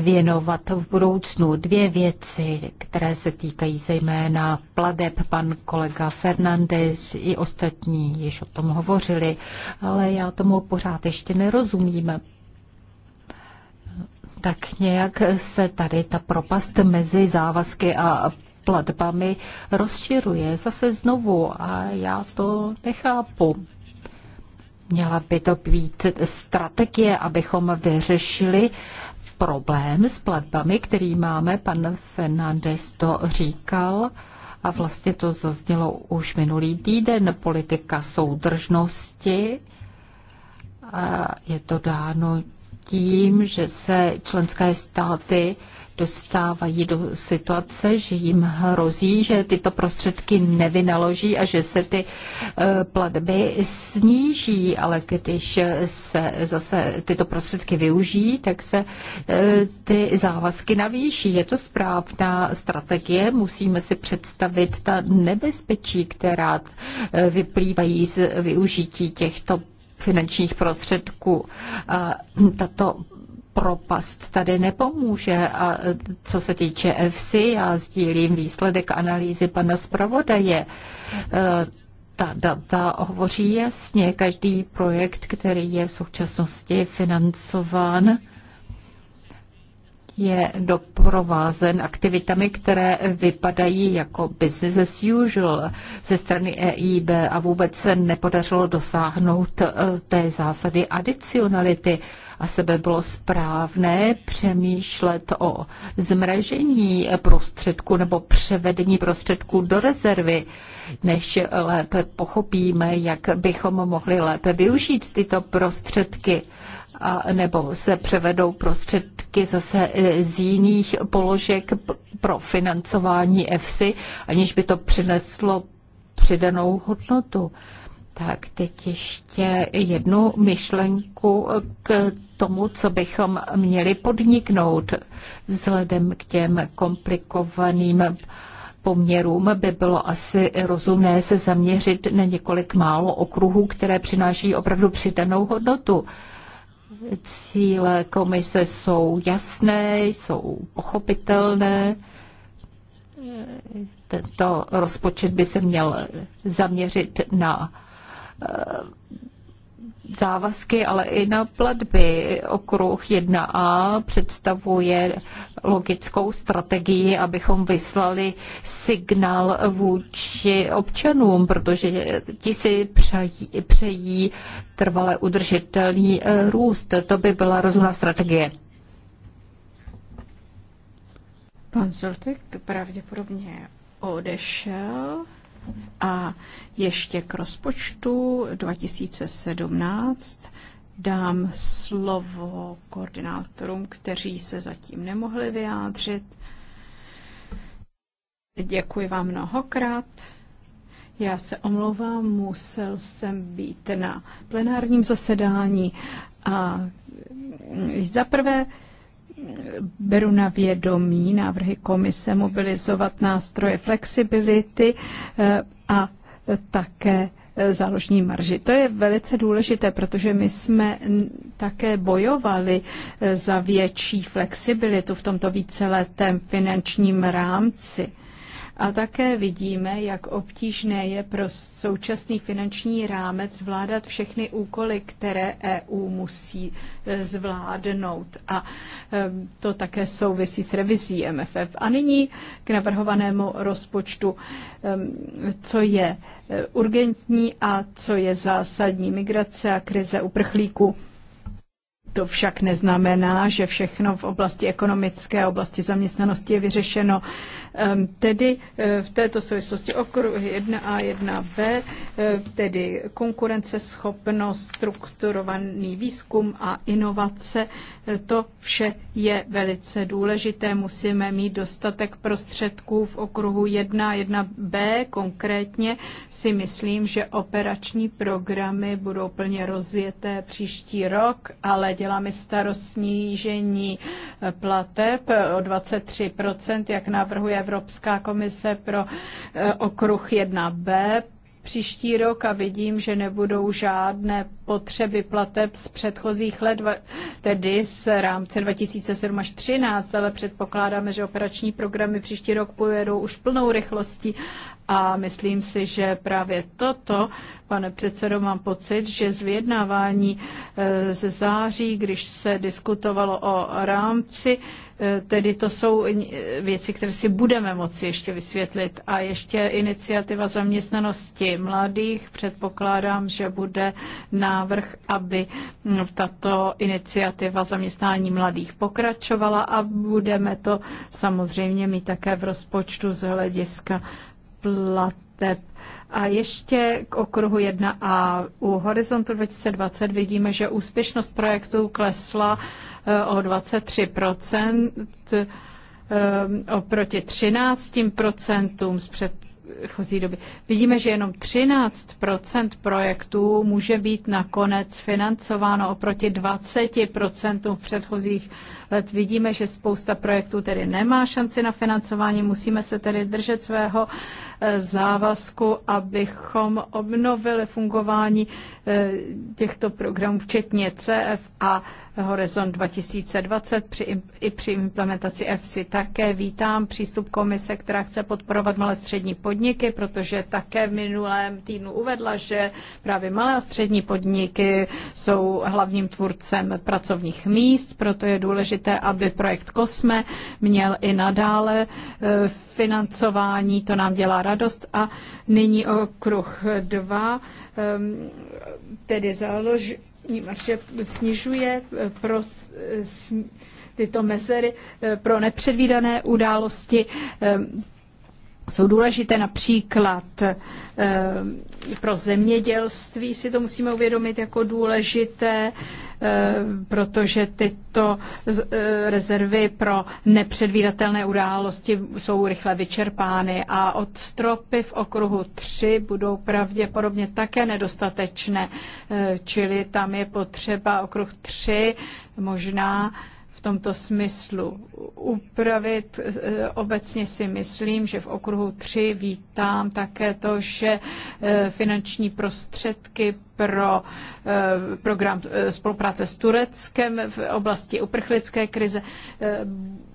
věnovat v budoucnu. Dvě věci, které se týkají zejména pladeb. Pan kolega Fernandez i ostatní již o tom hovořili, ale já tomu pořád ještě nerozumím. Tak nějak se tady ta propast mezi závazky a platbami rozšiřuje zase znovu a já to nechápu. Měla by to být strategie, abychom vyřešili uh, problém s platbami, který máme. Pan Fernández to říkal a vlastně to zaznělo už minulý týden. Politika soudržnosti je to dáno tím, že se členské státy dostávají do situace, že jim hrozí, že tyto prostředky nevynaloží a že se ty eh, platby sníží, ale když se zase tyto prostředky využijí, tak se eh, ty závazky navýší. Je to správná strategie, musíme si představit ta nebezpečí, která eh, vyplývají z využití těchto finančních prostředků. Tato propast tady nepomůže. A co se týče EFSI, já sdílím výsledek analýzy pana zpravodaje. E, ta data hovoří jasně, každý projekt, který je v současnosti financován, je doprovázen aktivitami, které vypadají jako business as usual ze strany EIB a vůbec se nepodařilo dosáhnout eh, té zásady adicionality A sebe bylo správné přemýšlet o zmražení prostředků nebo převedení prostředků do rezervy, než lépe pochopíme, jak bychom mohli lépe využít tyto prostředky a nebo se převedou prostředky zase e, z jiných položek pro financování EFSI, aniž by to přineslo přidanou hodnotu. Tak teď ještě jednu myšlenku e, k tomu, co bychom měli podniknout. Vzhledem k těm komplikovaným poměrům by bylo asi rozumné se zaměřit na několik málo okruhů, které přináší opravdu přidanou hodnotu. Cíle komise jsou jasné, jsou pochopitelné. Tento rozpočet by se měl zaměřit na eh, závazky, ale i na platby. Okruh 1a představuje logickou strategii, abychom vyslali signál vůči občanům, protože ti si přejí, přejí trvale udržitelný eh, růst. To by byla rozumná strategie. Pan Zoltek pravděpodobně odešel. A ještě k rozpočtu 2017 dám slovo koordinátorům, kteří se zatím nemohli vyjádřit. Děkuji vám mnohokrát. Já se omlouvám, musel jsem být na plenárním zasedání. A za prvé, beru na vědomí návrhy komise mobilizovat nástroje flexibility eh, a také eh, záložní marži. To je velice důležité, protože my jsme také bojovali eh, za větší flexibilitu v tomto víceletém finančním rámci. A také vidíme, jak obtížné je pro současný finanční rámec zvládat všechny úkoly, které EU musí e, zvládnout. A e, to také souvisí s revizí MFF. A nyní k navrhovanému rozpočtu, e, co je urgentní a co je zásadní migrace a krize uprchlíků. To však neznamená, že všechno v oblasti ekonomické, oblasti zaměstnanosti je vyřešeno. Ehm, tedy eh, v této souvislosti okruhy 1a, 1b, eh, tedy konkurenceschopnost, strukturovaný výzkum a inovace, to vše je velice důležité. Musíme mít dostatek prostředků v okruhu 1 1b. Konkrétně si myslím, že operační programy budou plně rozjeté příští rok, ale děláme mi starost snížení plateb o 23%, jak navrhuje Evropská komise pro eh, okruh 1b příští rok a vidím, že nebudou žádné potřeby plateb z předchozích let, tedy z rámce 2007 až 2013, ale předpokládáme, že operační programy příští rok pojedou už plnou rychlostí a myslím si, že právě toto, pane předsedo, mám pocit, že z vyjednávání e, ze září, když se diskutovalo o rámci, e, tedy to jsou věci, které si budeme moci ještě vysvětlit. A ještě iniciativa zaměstnanosti mladých. Předpokládám, že bude návrh, aby tato iniciativa zaměstnání mladých pokračovala a budeme to samozřejmě mít také v rozpočtu z hlediska plateb. A ještě k okruhu 1a. U Horizontu 2020 vidíme, že úspěšnost projektů klesla eh, o 23% eh, oproti 13% z před předchozí doby. Vidíme, že jenom 13 projektů může být nakonec financováno oproti 20 v předchozích let. Vidíme, že spousta projektů tedy nemá šanci na financování. Musíme se tedy držet svého eh, závazku, abychom obnovili fungování eh, těchto programů, včetně CFA a Horizont 2020 při, i při implementaci EFSI. Také vítám přístup komise, která chce podporovat malé střední podniky, protože také v minulém týdnu uvedla, že právě malé a střední podniky jsou hlavním tvůrcem pracovních míst, proto je důležité, aby projekt COSME měl i nadále e, financování, to nám dělá radost. A nyní okruh 2, e, tedy založ, že snižuje eh, pro eh, tyto mezery eh, pro nepředvídané události jsou důležité například pro zemědělství, si to musíme uvědomit jako důležité, Eh, protože tyto eh, rezervy pro nepředvídatelné události jsou rychle vyčerpány a od stropy v okruhu 3 budou pravděpodobně také nedostatečné, eh, čili tam je potřeba okruh 3 možná v tomto smyslu upravit. Obecně si myslím, že v okruhu 3 vítám také to, že finanční prostředky pro eh, program eh, spolupráce s Tureckem v oblasti uprchlické krize eh,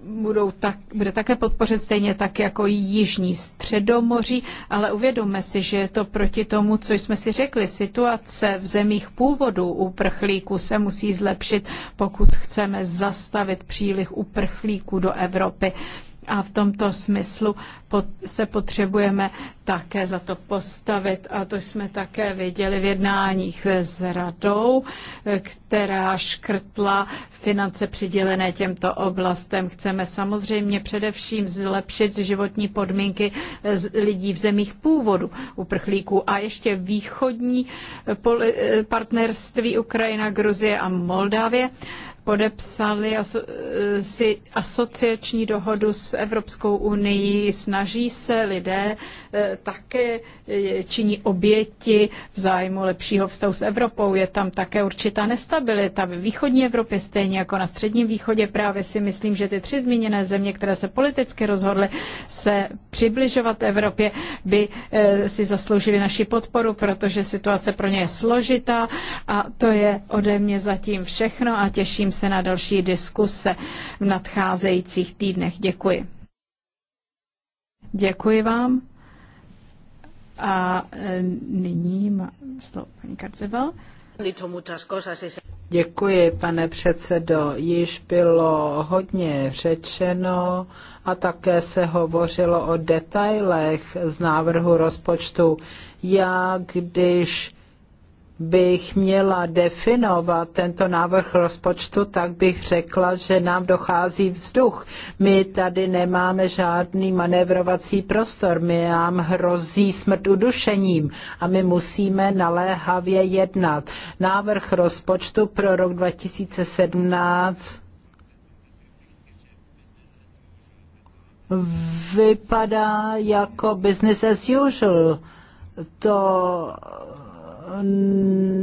budou tak, bude také podpořit stejně tak jako Jižní středomoří, ale uvědomme si, že je to proti tomu, co jsme si řekli. Situace v zemích původu uprchlíků se musí zlepšit, pokud chceme zastavit příliv uprchlíků do Evropy. A v tomto smyslu se potřebujeme také za to postavit. A to jsme také viděli v jednáních s radou, která škrtla finance přidělené těmto oblastem. Chceme samozřejmě především zlepšit životní podmínky lidí v zemích původu uprchlíků. A ještě východní partnerství Ukrajina, Gruzie a Moldávie podepsali aso- si asociační dohodu s Evropskou unii, snaží se lidé eh, také eh, činí oběti v zájmu lepšího vztahu s Evropou. Je tam také určitá nestabilita ve východní Evropě, stejně jako na středním východě. Právě si myslím, že ty tři zmíněné země, které se politicky rozhodly se přibližovat Evropě, by eh, si zasloužily naši podporu, protože situace pro ně je složitá a to je ode mě zatím všechno a těším se na další diskuse v nadcházejících týdnech. Děkuji. Děkuji vám. A e, nyní má slovo paní Karceval. Děkuji, pane předsedo. Již bylo hodně řečeno a také se hovořilo o detailech z návrhu rozpočtu. Já, když bych měla definovat tento návrh rozpočtu, tak bych řekla, že nám dochází vzduch. My tady nemáme žádný manévrovací prostor, my nám hrozí smrt udušením a my musíme naléhavě jednat. Návrh rozpočtu pro rok 2017 vypadá jako business as usual. To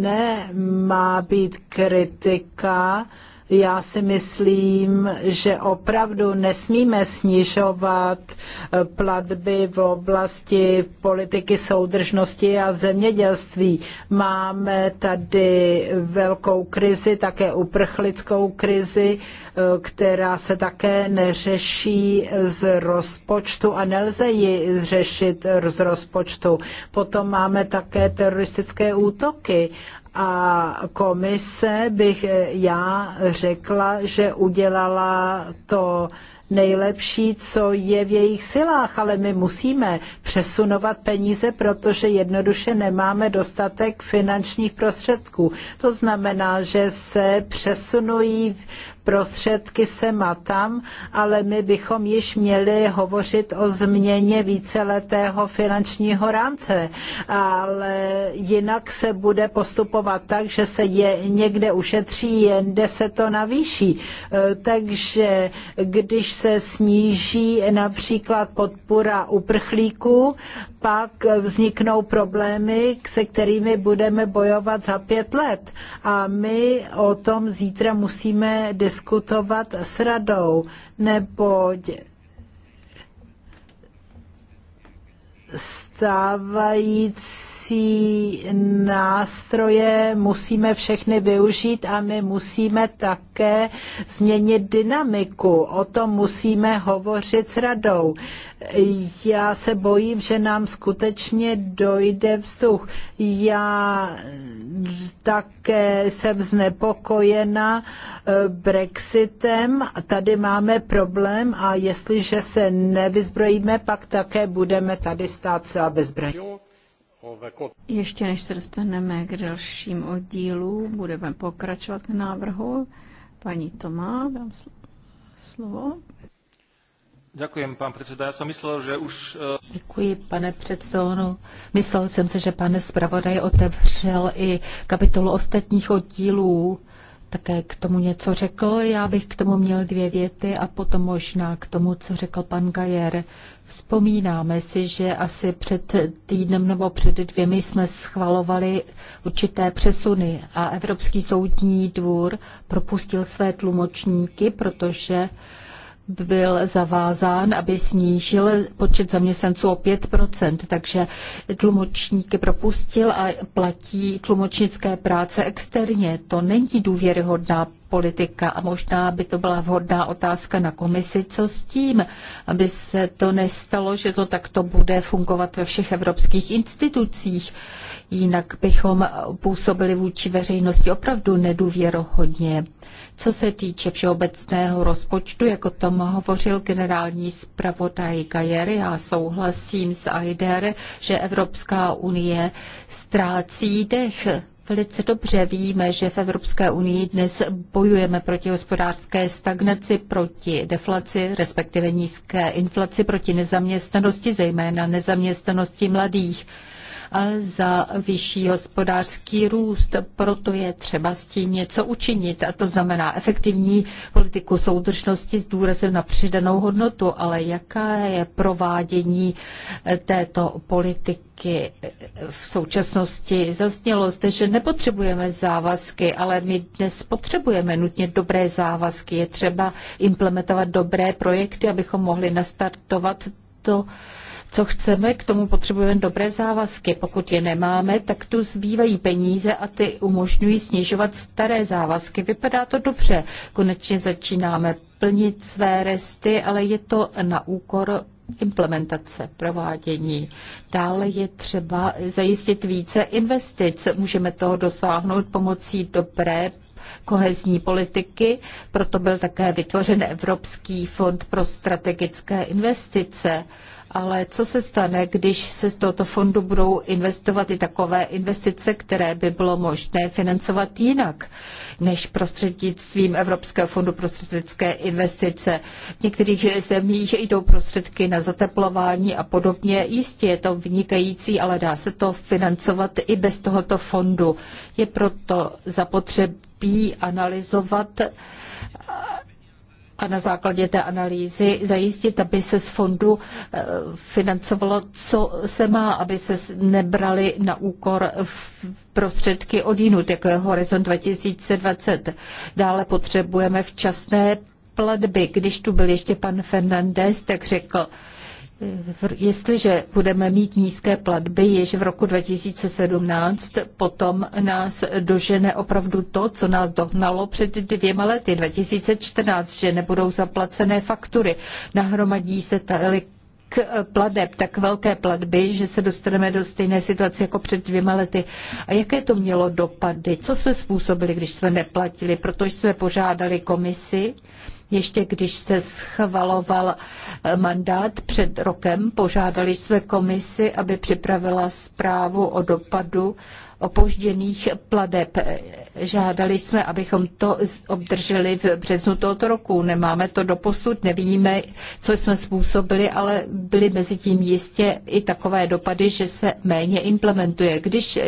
nemá být kritika já si myslím, že opravdu nesmíme snižovat eh, platby v oblasti politiky soudržnosti a zemědělství. Máme tady velkou krizi, také uprchlickou krizi, eh, která se také neřeší z rozpočtu a nelze ji řešit z rozpočtu. Potom máme také teroristické útoky a komise bych eh, já řekla, že udělala to nejlepší, co je v jejich silách, ale my musíme přesunovat peníze, protože jednoduše nemáme dostatek finančních prostředků. To znamená, že se přesunují prostředky sem a tam, ale my bychom již měli hovořit o změně víceletého finančního rámce. Ale jinak se bude postupovat tak, že se je někde ušetří, jinde se to navýší. E, takže když se sníží například podpora uprchlíků, pak vzniknou problémy, se kterými budeme bojovat za pět let. A my o tom zítra musíme diskutovat s radou, neboť stávající stávající nástroje musíme všechny využít a my musíme také změnit dynamiku. O tom musíme hovořit s radou. Já se bojím, že nám skutečně dojde vzduch. Já také jsem znepokojena eh, Brexitem. Tady máme problém a jestliže se nevyzbrojíme, pak také budeme tady stát celá bezbraní. Ještě než se dostaneme k dalším oddílu, budeme pokračovat k návrhu. Paní Tomá, dám slovo. Děkuji, pan předseda. Já jsem myslel, že už... Eh, Děkuji, pane předsedo. Myslel jsem si, že pane zpravodaj otevřel i kapitolu ostatních oddílů také k tomu něco řekl. Já bych k tomu měl dvě věty a potom možná k tomu, co řekl pan Gajer. Vzpomínáme si, že asi před týdnem nebo před dvěmi jsme schvalovali určité přesuny a Evropský soudní dvůr propustil své tlumočníky, protože uh, byl zavázán, aby snížil počet zaměstnanců o 5%, takže tlumočníky propustil a platí tlumočnické práce externě. To není důvěryhodná politika a možná by to byla vhodná otázka na komisi, co s tím, aby se to nestalo, že to takto bude fungovat ve všech evropských institucích. Jinak bychom působili vůči veřejnosti opravdu nedůvěrohodně. Co se týče všeobecného rozpočtu, jako tom hovořil generální zpravodaj Gajer, já souhlasím s Aider, že Evropská unie ztrácí dech. Velice dobře víme, že v Evropské unii dnes bojujeme proti hospodářské stagnaci, proti deflaci, respektive nízké inflaci, proti nezaměstnanosti, zejména nezaměstnanosti mladých za vyšší hospodářský růst. Proto je třeba s tím něco učinit. A to znamená efektivní politiku soudržnosti s důrazem na přidanou hodnotu. Ale jaká je provádění eh, této politiky v současnosti? Zaznělo zde, že nepotřebujeme závazky, ale my dnes potřebujeme nutně dobré závazky. Je třeba implementovat dobré projekty, abychom mohli nastartovat to, co chceme, k tomu potřebujeme dobré závazky. Pokud je nemáme, tak tu zbývají peníze a ty umožňují snižovat staré závazky. Vypadá to dobře. Konečně začínáme plnit své resty, ale je to na úkor implementace, provádění. Dále je třeba zajistit více investic. Můžeme toho dosáhnout pomocí dobré kohezní politiky, proto byl také vytvořen Evropský fond pro strategické investice ale co se stane, když se z tohoto fondu budou investovat i takové investice, které by bylo možné financovat jinak než prostřednictvím Evropského fondu pro strategické investice. V některých zemích jdou prostředky na zateplování a podobně. Jistě je to vynikající, ale dá se to financovat i bez tohoto fondu. Je proto zapotřebí analyzovat a na základě té analýzy zajistit, aby se z fondu eh, financovalo, co se má, aby se nebrali na úkor prostředky od jinut, jako je Horizon 2020. Dále potřebujeme včasné platby. Když tu byl ještě pan Fernandez, tak řekl, Jestliže budeme mít nízké platby již v roku 2017, potom nás dožene opravdu to, co nás dohnalo před dvěma lety, 2014, že nebudou zaplacené faktury. Nahromadí se ta pladeb, tak velké platby, že se dostaneme do stejné situace jako před dvěma lety. A jaké to mělo dopady? Co jsme způsobili, když jsme neplatili? Protože jsme požádali komisi, ještě když se schvaloval eh, mandát před rokem, požádali jsme komisi, aby připravila zprávu o dopadu opožděných pladeb. Žádali jsme, abychom to obdrželi v březnu tohoto roku. Nemáme to doposud, nevíme, co jsme způsobili, ale byly mezi tím jistě i takové dopady, že se méně implementuje. Když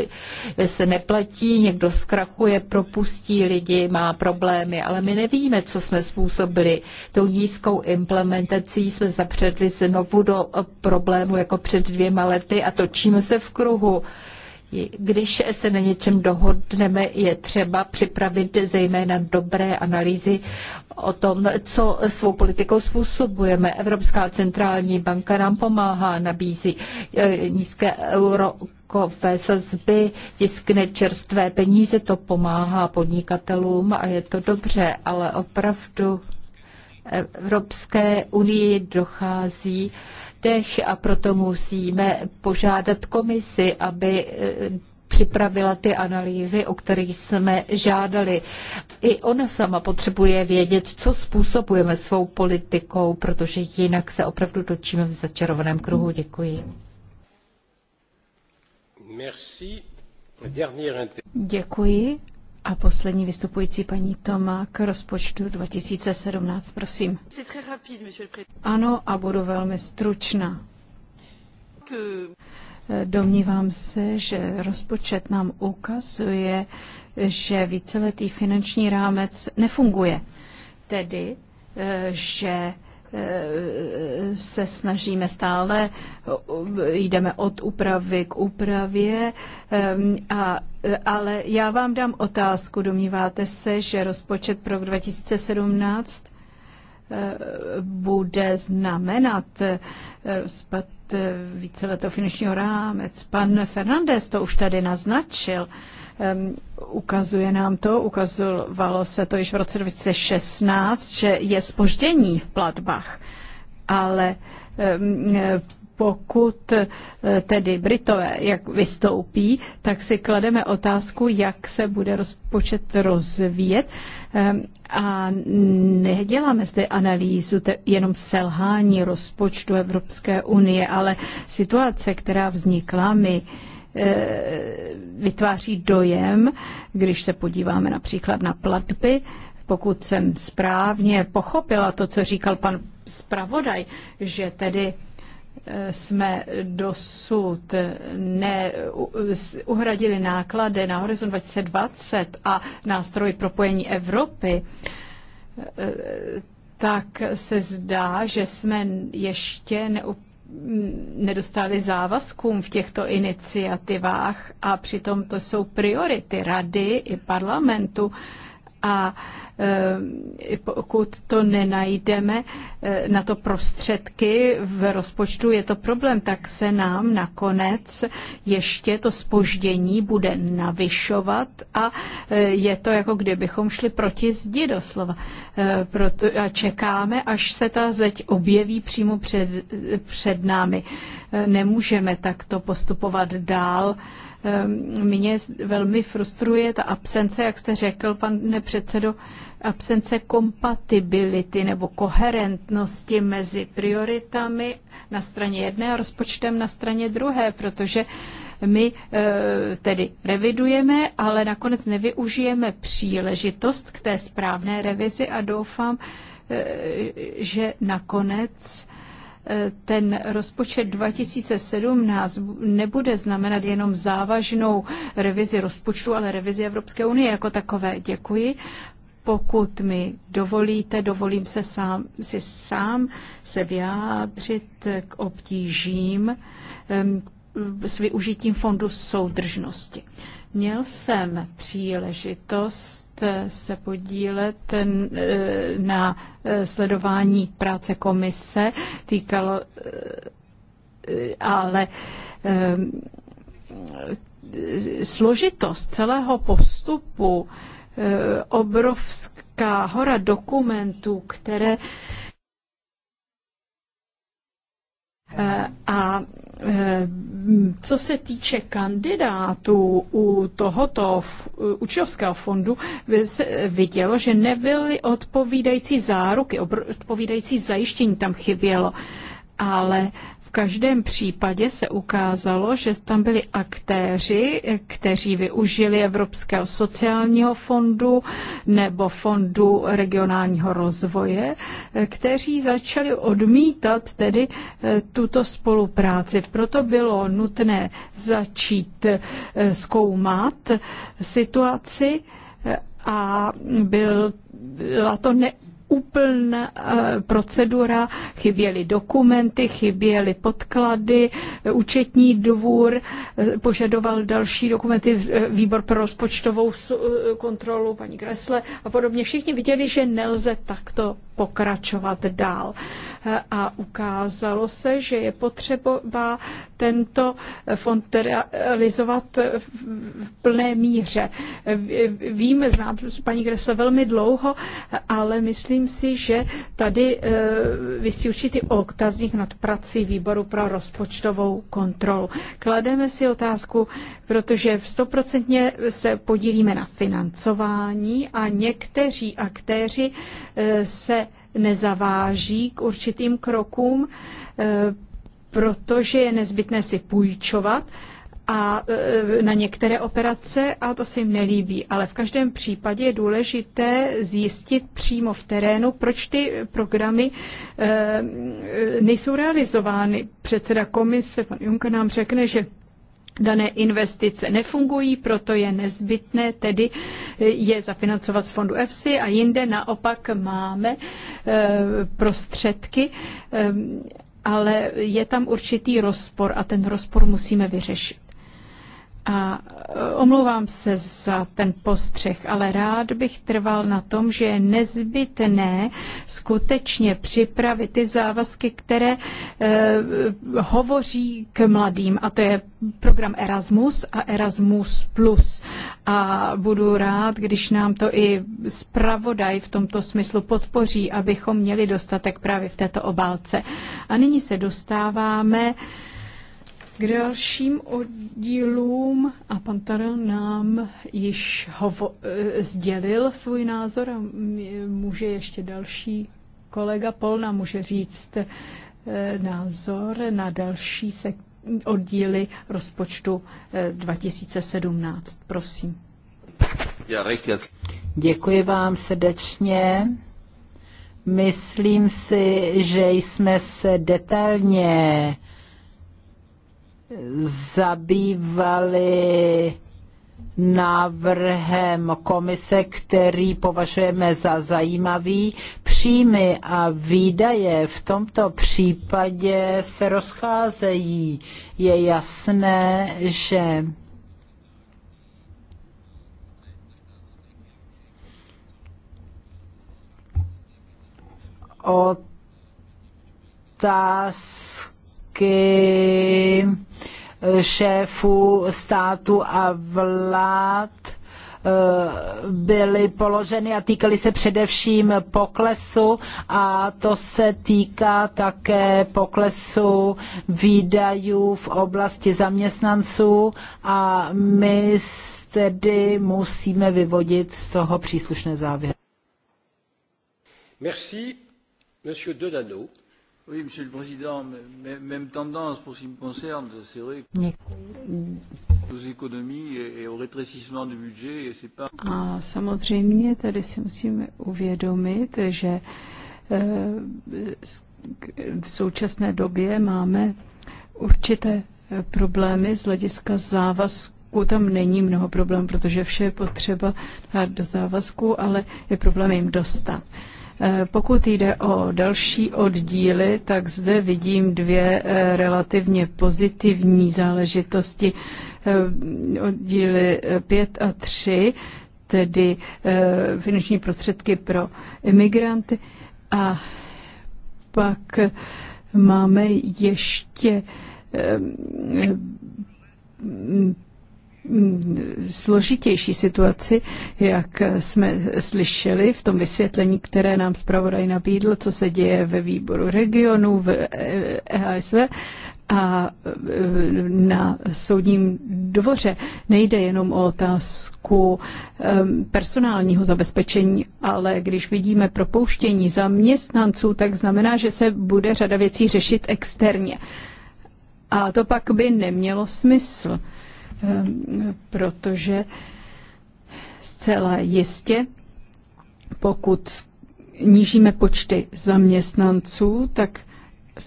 se neplatí, někdo zkrachuje, propustí lidi, má problémy, ale my nevíme, co jsme způsobili. Tou nízkou implementací jsme zapředli znovu do problému jako před dvěma lety a točíme se v kruhu. Když se na něčem dohodneme, je třeba připravit zejména dobré analýzy o tom, co svou politikou způsobujeme. Evropská centrální banka nám pomáhá, nabízí e, nízké euro kové sazby, tiskne čerstvé peníze, to pomáhá podnikatelům a je to dobře, ale opravdu Evropské unii dochází lidech a proto musíme požádat komisi, aby eh, připravila ty analýzy, o kterých jsme žádali. I ona sama potřebuje vědět, co způsobujeme svou politikou, protože jinak se opravdu točíme v začarovaném kruhu. Děkuji. Děkuji. A poslední vystupující paní Toma k rozpočtu 2017, prosím. Ano, a budu velmi stručná. Domnívám se, že rozpočet nám ukazuje, že víceletý finanční rámec nefunguje. Tedy, eh, že se snažíme stále, jdeme od úpravy k úpravě, a, ale já vám dám otázku. Domníváte se, že rozpočet pro 2017 eh, bude znamenat eh, rozpad eh, víceletého finančního rámec? Pan Fernandez to už tady naznačil ukazuje nám to, ukazovalo se to již v roce 2016, že je spoždění v platbách, ale pokud e, tedy Britové jak vystoupí, tak si klademe otázku, jak se bude rozpočet rozvíjet a neděláme zde analýzu jenom selhání rozpočtu Evropské unie, ale situace, která vznikla, my Eh, vytváří dojem, když se podíváme například na platby, pokud jsem správně pochopila to, co říkal pan zpravodaj, že tedy eh, jsme dosud neuhradili náklady na Horizon 2020 a nástroj propojení Evropy, eh, tak se zdá, že jsme ještě neupravili nedostali závazkům v těchto iniciativách a přitom to jsou priority rady i parlamentu a Eh, pokud to nenajdeme eh, na to prostředky v rozpočtu, je to problém, tak se nám nakonec ještě to spoždění bude navyšovat a eh, je to jako kdybychom šli proti zdi doslova. Proto, a čekáme, až se ta zeď objeví přímo před, před námi. Nemůžeme takto postupovat dál. Ehm, mě velmi frustruje ta absence, jak jste řekl, pane předsedo, absence kompatibility nebo koherentnosti mezi prioritami na straně jedné a rozpočtem na straně druhé, protože my eh, tedy revidujeme, ale nakonec nevyužijeme příležitost k té správné revizi a doufám, eh, že nakonec ten rozpočet 2017 nebude znamenat jenom závažnou revizi rozpočtu, ale revizi Evropské unie jako takové. Děkuji. Pokud mi dovolíte, dovolím se sám, si sám se vyjádřit k obtížím s využitím fondu soudržnosti. Měl jsem příležitost se podílet e, na e, sledování práce komise, týkalo e, ale složitost celého postupu, obrovská hora dokumentů, které Eh, a eh, co se týče kandidátů u tohoto eh, učňovského fondu, se vidělo, že nebyly odpovídající záruky, odpovídající zajištění tam chybělo. Ale v každém případě se ukázalo, že tam byli aktéři, kteří využili Evropského sociálního fondu nebo fondu regionálního rozvoje, kteří začali odmítat tedy eh, tuto spolupráci. Proto bylo nutné začít eh, zkoumat situaci eh, a byl byla to ne, úplná eh, procedura, chyběly dokumenty, chyběly podklady, účetní dvůr eh, požadoval další dokumenty, eh, výbor pro rozpočtovou kontrolu, paní Kresle a podobně. Všichni viděli, že nelze takto pokračovat dál. A ukázalo se, že je potřeba tento fond realizovat v plné míře. Vím, znám paní Gresle velmi dlouho, ale myslím si, že tady eh, vysí určitý oktazník nad prací výboru pro rozpočtovou kontrolu. Klademe si otázku, protože stoprocentně se podílíme na financování a někteří aktéři eh, se nezaváží k určitým krokům, e, protože je nezbytné si půjčovat a e, na některé operace a to se jim nelíbí. Ale v každém případě je důležité zjistit přímo v terénu, proč ty programy e, nejsou realizovány. Předseda komise, pan Juncker, nám řekne, že Dané investice nefungují, proto je nezbytné tedy eh, je zafinancovat z fondu EFSI a jinde naopak máme eh, prostředky, eh, ale je tam určitý rozpor a ten rozpor musíme vyřešit. A eh, omlouvám se za ten postřeh, ale rád bych trval na tom, že je nezbytné skutečně připravit ty závazky, které eh, hovoří k mladým. A to je program Erasmus a Erasmus+. Plus. A budu rád, když nám to i zpravodaj v tomto smyslu podpoří, abychom měli dostatek právě v této obálce. A nyní se dostáváme eh, k dalším oddílům, a pan Tarel nám již hovo- eh, sdělil svůj názor a může ještě další kolega Polna může říct eh, názor na další oddíly rozpočtu 2017. Eh, Prosím. Děkuji vám srdečně. Myslím si, že jsme se detailně zabývali návrhem komise, který považujeme za zajímavý. Příjmy a výdaje v tomto případě se rozcházejí. Je jasné, že otázka kroky šéfů státu a vlád eh, byly položeny a týkaly se především poklesu a to se týká také poklesu výdajů v oblasti zaměstnanců a my tedy musíme vyvodit z toho příslušné závěry. Merci, monsieur Oui, monsieur le président, même tendance pour ce qui me concerne, c'est vrai. que économies et et au rétrécissement du budget, c'est pas... A samozřejmě tady si musíme uvědomit, že eh, v současné době máme určité eh, problémy z hlediska závazku. Tam není mnoho problém, protože vše je potřeba dát do závazku, ale je problém jim dostat. Eh, pokud jde o další oddíly, tak zde vidím dvě eh, relativně pozitivní záležitosti. Eh, oddíly 5 a 3, tedy finanční prostředky pro imigranty. A pak máme ještě složitější situaci, jak jsme slyšeli v tom vysvětlení, které nám zpravodaj nabídl, co se děje ve výboru regionu, v EHSV a na soudním dvoře nejde jenom o otázku personálního zabezpečení, ale když vidíme propouštění zaměstnanců, tak znamená, že se bude řada věcí řešit externě. A to pak by nemělo smysl. Ehm, protože zcela jistě, pokud nížíme počty zaměstnanců, tak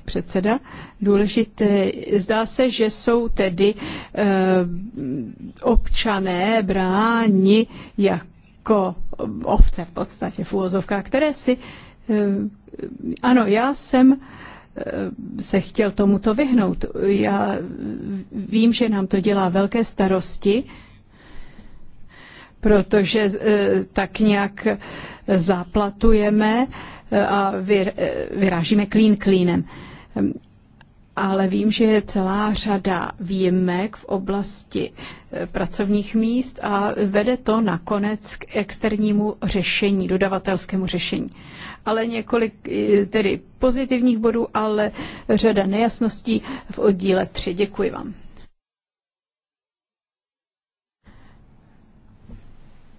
předseda. Důležité, zdá se, že jsou tedy e, občané bráni jako ovce v podstatě v úvozovkách, které si e, ano, já jsem Eh, se chtěl tomuto vyhnout. Já vím, že nám to dělá velké starosti, protože eh, tak nějak záplatujeme eh, a vyrážíme klín klínem. Ale vím, že je celá řada výjimek v oblasti pracovních míst a vede to nakonec k externímu řešení, dodavatelskému řešení ale několik eh, tedy pozitivních bodů, ale řada nejasností v oddíle 3. Děkuji vám.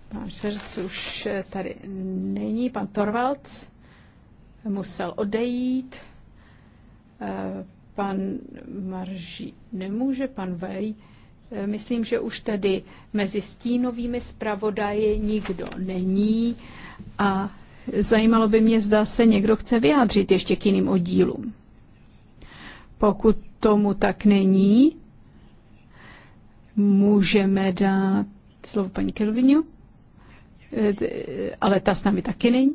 Pán Šverc už eh, tady není, pan Torvalds musel odejít, eh, pan Marží nemůže, pan Vej. Myslím, že už tady mezi stínovými zpravodaji nikdo není a Zajímalo by mě, zda se někdo chce vyjádřit ještě k jiným oddílům. Pokud tomu tak není, můžeme dát slovo paní Kelvinu, eh, ale ta s námi taky není.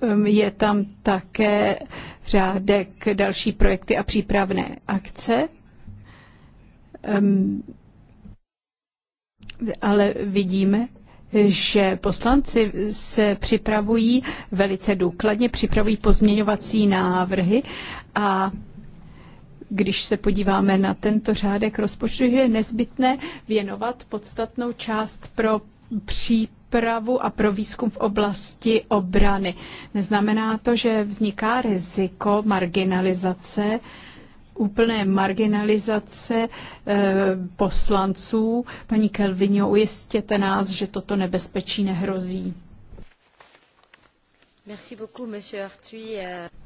Ehm, je tam také řádek další projekty a přípravné akce. Ehm, ale vidíme, že poslanci se připravují velice důkladně, připravují pozměňovací návrhy a když se podíváme na tento řádek rozpočtu, je nezbytné věnovat podstatnou část pro přípravu a pro výzkum v oblasti obrany. Neznamená to, že vzniká riziko marginalizace úplné marginalizace eh, poslanců. Paní Kelvinio, ujistěte nás, že toto nebezpečí nehrozí.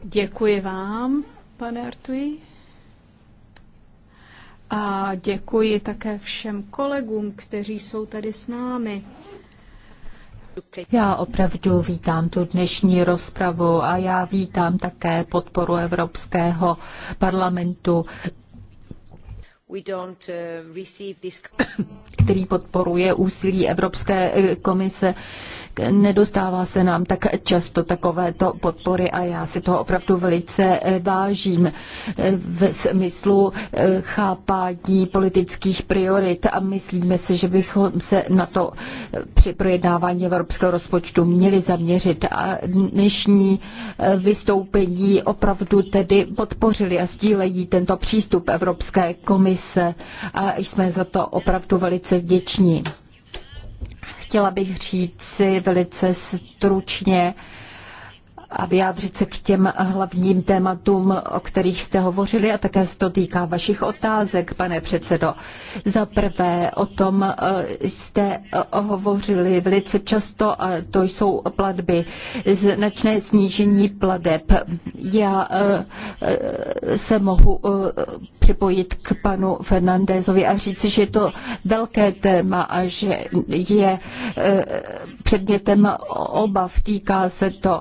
Děkuji vám, pane Artui. A děkuji také všem kolegům, kteří jsou tady s námi. Já opravdu vítám tu dnešní rozpravu a já vítám také podporu Evropského parlamentu uh, který podporuje úsilí Evropské eh, komise Nedostává se nám tak často takovéto podpory a já si toho opravdu velice eh, vážím eh, ve smyslu eh, chápání politických priorit a myslíme si, že bychom se na to při projednávání evropského rozpočtu měli zaměřit a dnešní vystoupení opravdu tedy podpořili a sdílejí tento přístup Evropské komise a jsme za to opravdu velice vděční. Chtěla bych říct si velice stručně, a vyjádřit se k těm hlavním tématům, o kterých jste hovořili a také se to týká vašich otázek, pane předsedo. Za prvé, o tom eh, jste eh, hovořili velice často a to jsou platby, značné snížení plateb. Já eh, se mohu připojit k panu Fernandézovi a říci, že je to velké téma a že je předmětem obav. Týká se to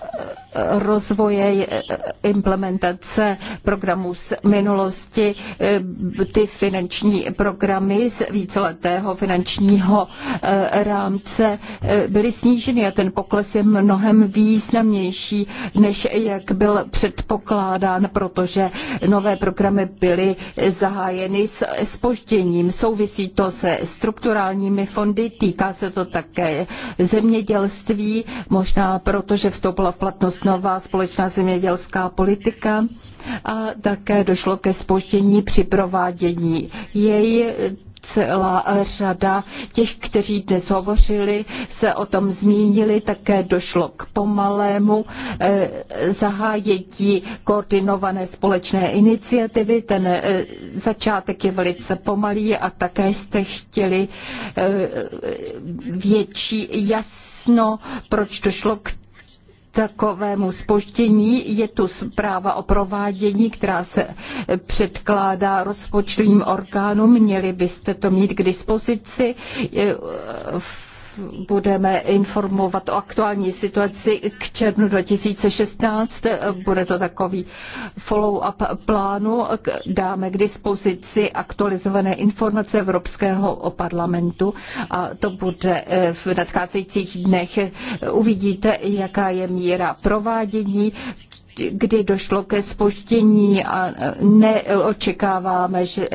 rozvoje eh, implementace programů z minulosti, eh, ty finanční programy z víceletého finančního eh, rámce byly sníženy a ten pokles je mnohem významnější, než jak byl předpokládán, protože nové programy byly zahájeny s spožděním. Souvisí to se strukturálními fondy, týká se to také zemědělství, možná protože vstoupila v platnost nová společná zemědělská politika a také došlo ke spoždění při provádění jej celá řada těch, kteří dnes hovořili, se o tom zmínili, také došlo k pomalému eh, zahájetí koordinované společné iniciativy. Ten eh, začátek je velice pomalý a také jste chtěli eh, větší jasno, proč došlo k takovému spoštění. Je tu zpráva o provádění, která se předkládá rozpočtovým orgánům. Měli byste to mít k dispozici v eh, budeme informovat o aktuální situaci k červnu 2016. Bude to takový follow-up plánu. Dáme k dispozici aktualizované informace Evropského parlamentu a to bude v nadcházejících dnech. Uvidíte, jaká je míra provádění, kdy došlo ke spoždění a e, neočekáváme, že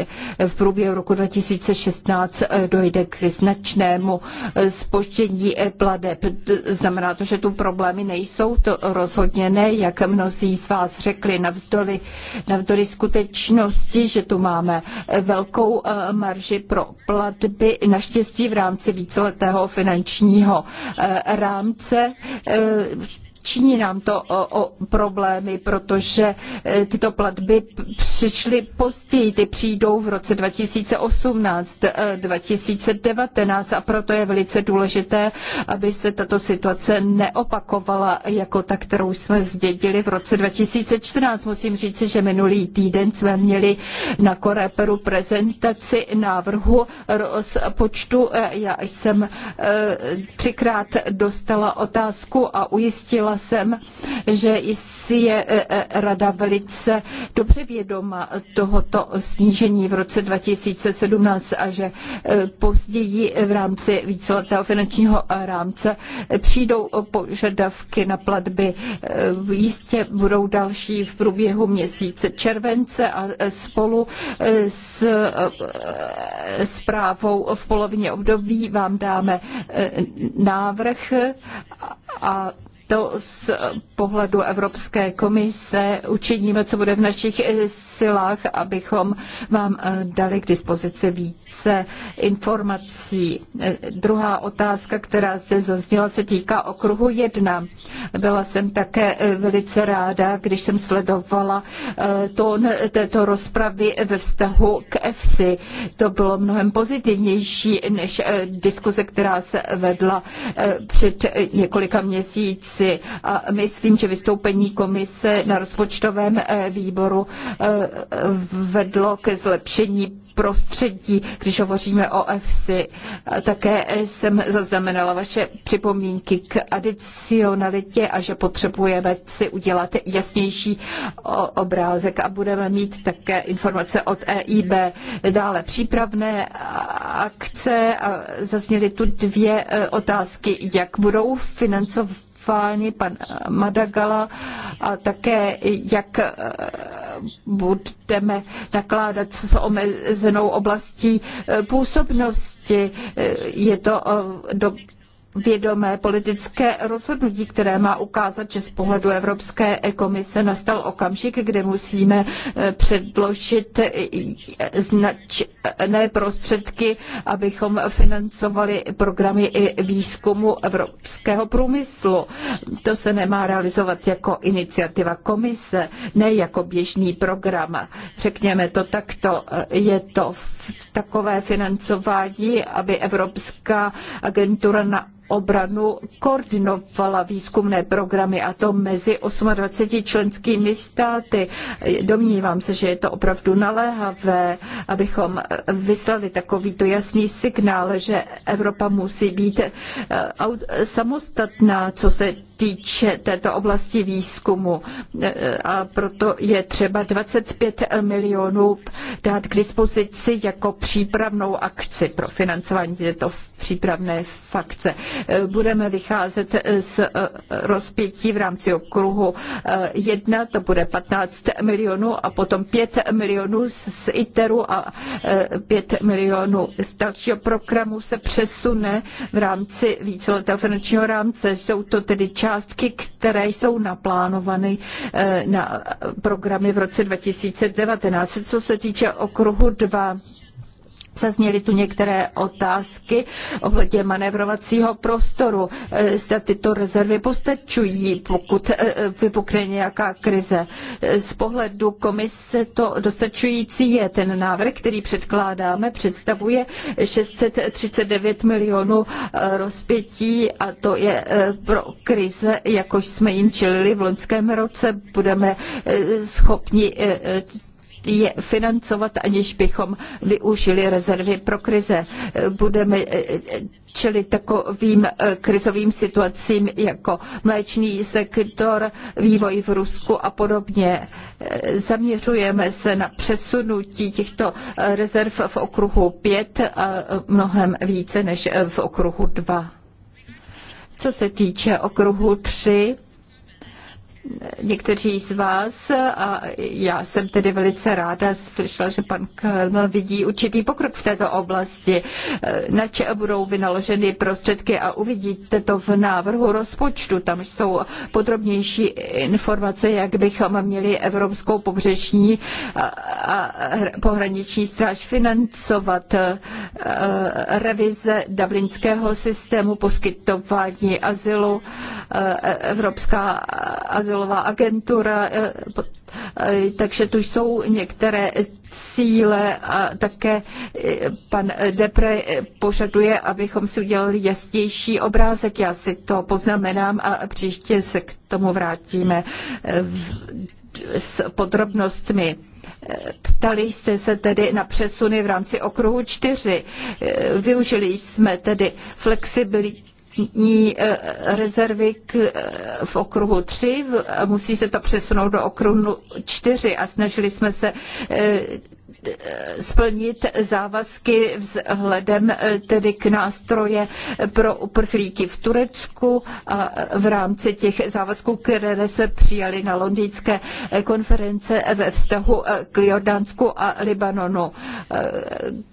v průběhu roku 2016 e, dojde k značnému spoždění e, pladeb. Znamená to, že tu problémy nejsou, to rozhodně ne, jak mnozí z vás řekli, navzdory, navzdory skutečnosti, že tu máme velkou marži pro platby, naštěstí v rámci víceletého finančního rámce činí nám to o, o problémy, protože e, tyto platby přišly později, ty přijdou v roce 2018, 2019 e, a proto je velice důležité, aby se tato situace neopakovala jako ta, kterou jsme zdědili v roce 2014. Musím říci, že minulý týden jsme měli na Koreperu prezentaci návrhu rozpočtu. E, já jsem třikrát dostala otázku a ujistila jsem, že si je e, e, rada velice dobře vědoma tohoto snížení v roce 2017 a že e, později v rámci víceletého finančního rámce přijdou požadavky na platby. Jistě budou další v průběhu měsíce července a spolu s zprávou v polovině období vám dáme návrh a to z pohledu Evropské komise učiníme, co bude v našich silách, abychom vám eh, dali k dispozici víc více informací. Druhá otázka, která zde zazněla, se týká okruhu jedna. Byla jsem také eh, velice ráda, když jsem sledovala eh, tón této rozpravy ve vztahu k EFSI. To bylo mnohem pozitivnější než eh, diskuse, která se vedla před několika měsíci. A myslím, že vystoupení komise na rozpočtovém výboru vedlo ke zlepšení prostředí, když hovoříme o EFSI. Také jsem zaznamenala vaše připomínky k adicionalitě a že potřebujeme si udělat jasnější obrázek a budeme mít také informace od EIB. Dále přípravné akce a zazněly tu dvě e, otázky, jak budou financovány Alfáni, pan Madagala a také jak eh, budeme nakládat s omezenou oblastí eh, působnosti. Eh, je to do vědomé politické rozhodnutí, které má ukázat, že z pohledu Evropské komise nastal okamžik, kdy musíme eh, předložit eh, značné prostředky, abychom financovali programy i výzkumu evropského průmyslu. To se nemá realizovat jako iniciativa komise, ne jako běžný program. Řekněme to takto, eh, je to takové financování, aby Evropská agentura na obranu koordinovala výzkumné programy a to mezi 28 členskými státy. Domnívám se, že je to opravdu naléhavé, abychom vyslali takovýto jasný signál, že Evropa musí být eh, samostatná, co se týče této oblasti výzkumu. A proto je třeba 25 milionů dát k dispozici jako přípravnou akci pro financování této přípravné fakce. Budeme vycházet z rozpětí v rámci okruhu 1, to bude 15 milionů a potom 5 milionů z ITERu a 5 e, milionů z dalšího programu se přesune v rámci víceletého finančního rámce. Jsou to tedy část částky, které jsou naplánovány eh, na programy v roce 2019. Co se týče okruhu 2, Zazněly tu některé otázky ohledně manevrovacího prostoru. E, zda tyto rezervy postačují, pokud e, e, vypukne nějaká krize. Z pohledu komise to dostačující je. Ten návrh, který předkládáme, představuje 639 milionů rozpětí a to je pro krize, jakož jsme jim čelili v loňském roce, budeme schopni je financovat, aniž bychom využili rezervy pro krize. Budeme eh, čelit takovým eh, krizovým situacím jako mléčný sektor, vývoj v Rusku a podobně. Eh, zaměřujeme se na přesunutí těchto rezerv v okruhu 5 a mnohem více než v okruhu 2. Co se týče okruhu 3, někteří z vás a já jsem tedy velice ráda slyšela, že pan Kelmel vidí určitý pokrok v této oblasti, na če budou vynaloženy prostředky a uvidíte to v návrhu rozpočtu. Tam jsou podrobnější informace, jak bychom měli Evropskou pobřežní a pohraniční stráž financovat revize dublinského systému poskytování azylu, Evropská azyl azylová agentura, eh, eh, takže tu jsou některé cíle a také eh, pan Depre požaduje, abychom si udělali jasnější obrázek. Já si to poznamenám a příště se k tomu vrátíme s podrobnostmi. Ptali jste se tedy na přesuny v rámci okruhu čtyři. Využili jsme tedy flexibilitu státní eh, rezervy k, eh, v okruhu 3, musí se to přesunout do okruhu 4 a snažili jsme se eh, splnit závazky vzhledem tedy k nástroje pro uprchlíky v Turecku a v rámci těch závazků, které se přijaly na londýnské konference ve vztahu k Jordánsku a Libanonu.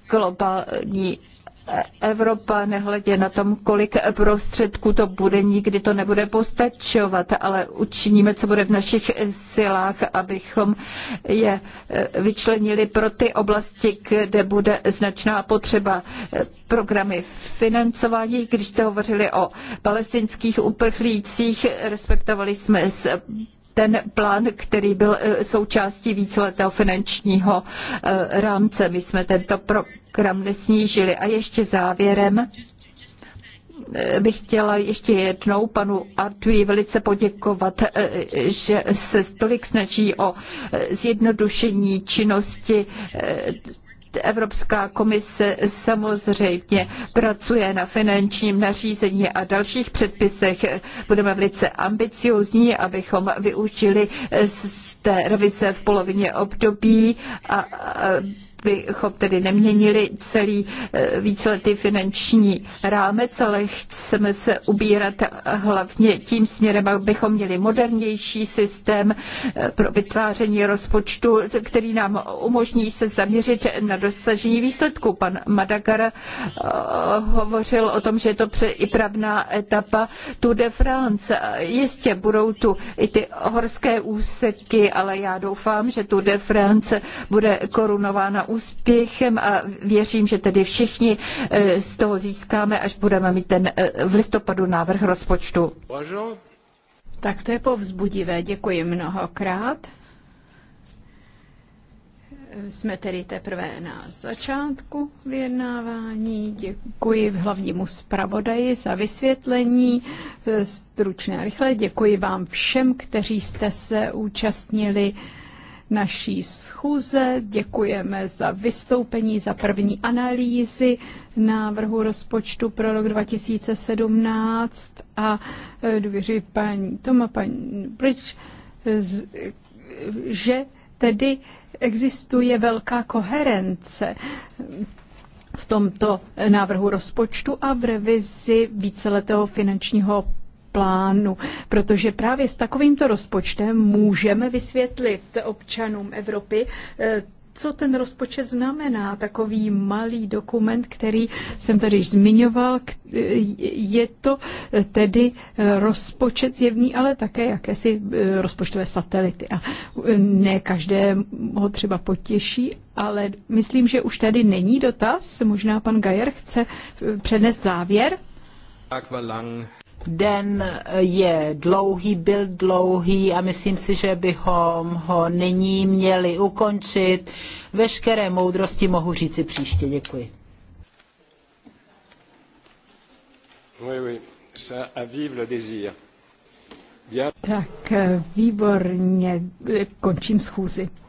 Globální Evropa, nehledě na tom, kolik prostředků to bude, nikdy to nebude postačovat, ale učiníme, co bude v našich silách, abychom je eh, vyčlenili pro ty oblasti, kde bude značná potřeba programy financování. Když jste hovořili o palestinských uprchlících, respektovali jsme s ten plán, který byl eh, součástí víceletého finančního eh, rámce. My jsme tento program nesnížili. A ještě závěrem eh, bych chtěla ještě jednou panu Artui velice poděkovat, že se tolik snaží o zjednodušení činnosti Evropská komise samozřejmě pracuje na finančním nařízení a dalších předpisech. Budeme velice ambiciozní, abychom využili z té revize v polovině období a bychom tedy neměnili celý eh, víceletý finanční rámec, ale chceme se ubírat hlavně tím směrem, abychom měli modernější systém eh, pro vytváření rozpočtu, který nám umožní se zaměřit na dosažení výsledku. Pan Madagar eh, hovořil o tom, že je to připravná etapa Tour de France. Jistě budou tu i ty horské úseky, ale já doufám, že Tour de France bude korunována úspěchem a věřím, že tedy všichni eh, z toho získáme, až budeme mít ten eh, v listopadu návrh rozpočtu. Tak to je povzbudivé, děkuji mnohokrát. Jsme tedy teprve na začátku vyjednávání. Děkuji hlavnímu zpravodaji za vysvětlení. Eh, stručné a rychle děkuji vám všem, kteří jste se účastnili naší schůze. Děkujeme za vystoupení, za první analýzy návrhu rozpočtu pro rok 2017 a e, důvěřuji paní Toma, paní Bridge, e, e, že tedy existuje velká koherence v tomto návrhu rozpočtu a v revizi víceletého finančního plánu, protože právě s takovýmto rozpočtem můžeme vysvětlit občanům Evropy eh, co ten rozpočet znamená. Takový malý dokument, který jsem tady již zmiňoval, eh, je to eh, tedy rozpočet zjevný, ale také jakési rozpočtové satelity. A ne každé ho třeba potěší, ale myslím, že už tady není dotaz. Možná pan Gajer chce přednést závěr. Den je dlouhý, byl dlouhý a myslím si, že bychom ho nyní měli ukončit. Veškeré moudrosti mohu říci příště. Děkuji. Oui, oui. Ça le désir. Bien. Tak eh, výborně eh, končím schůzi.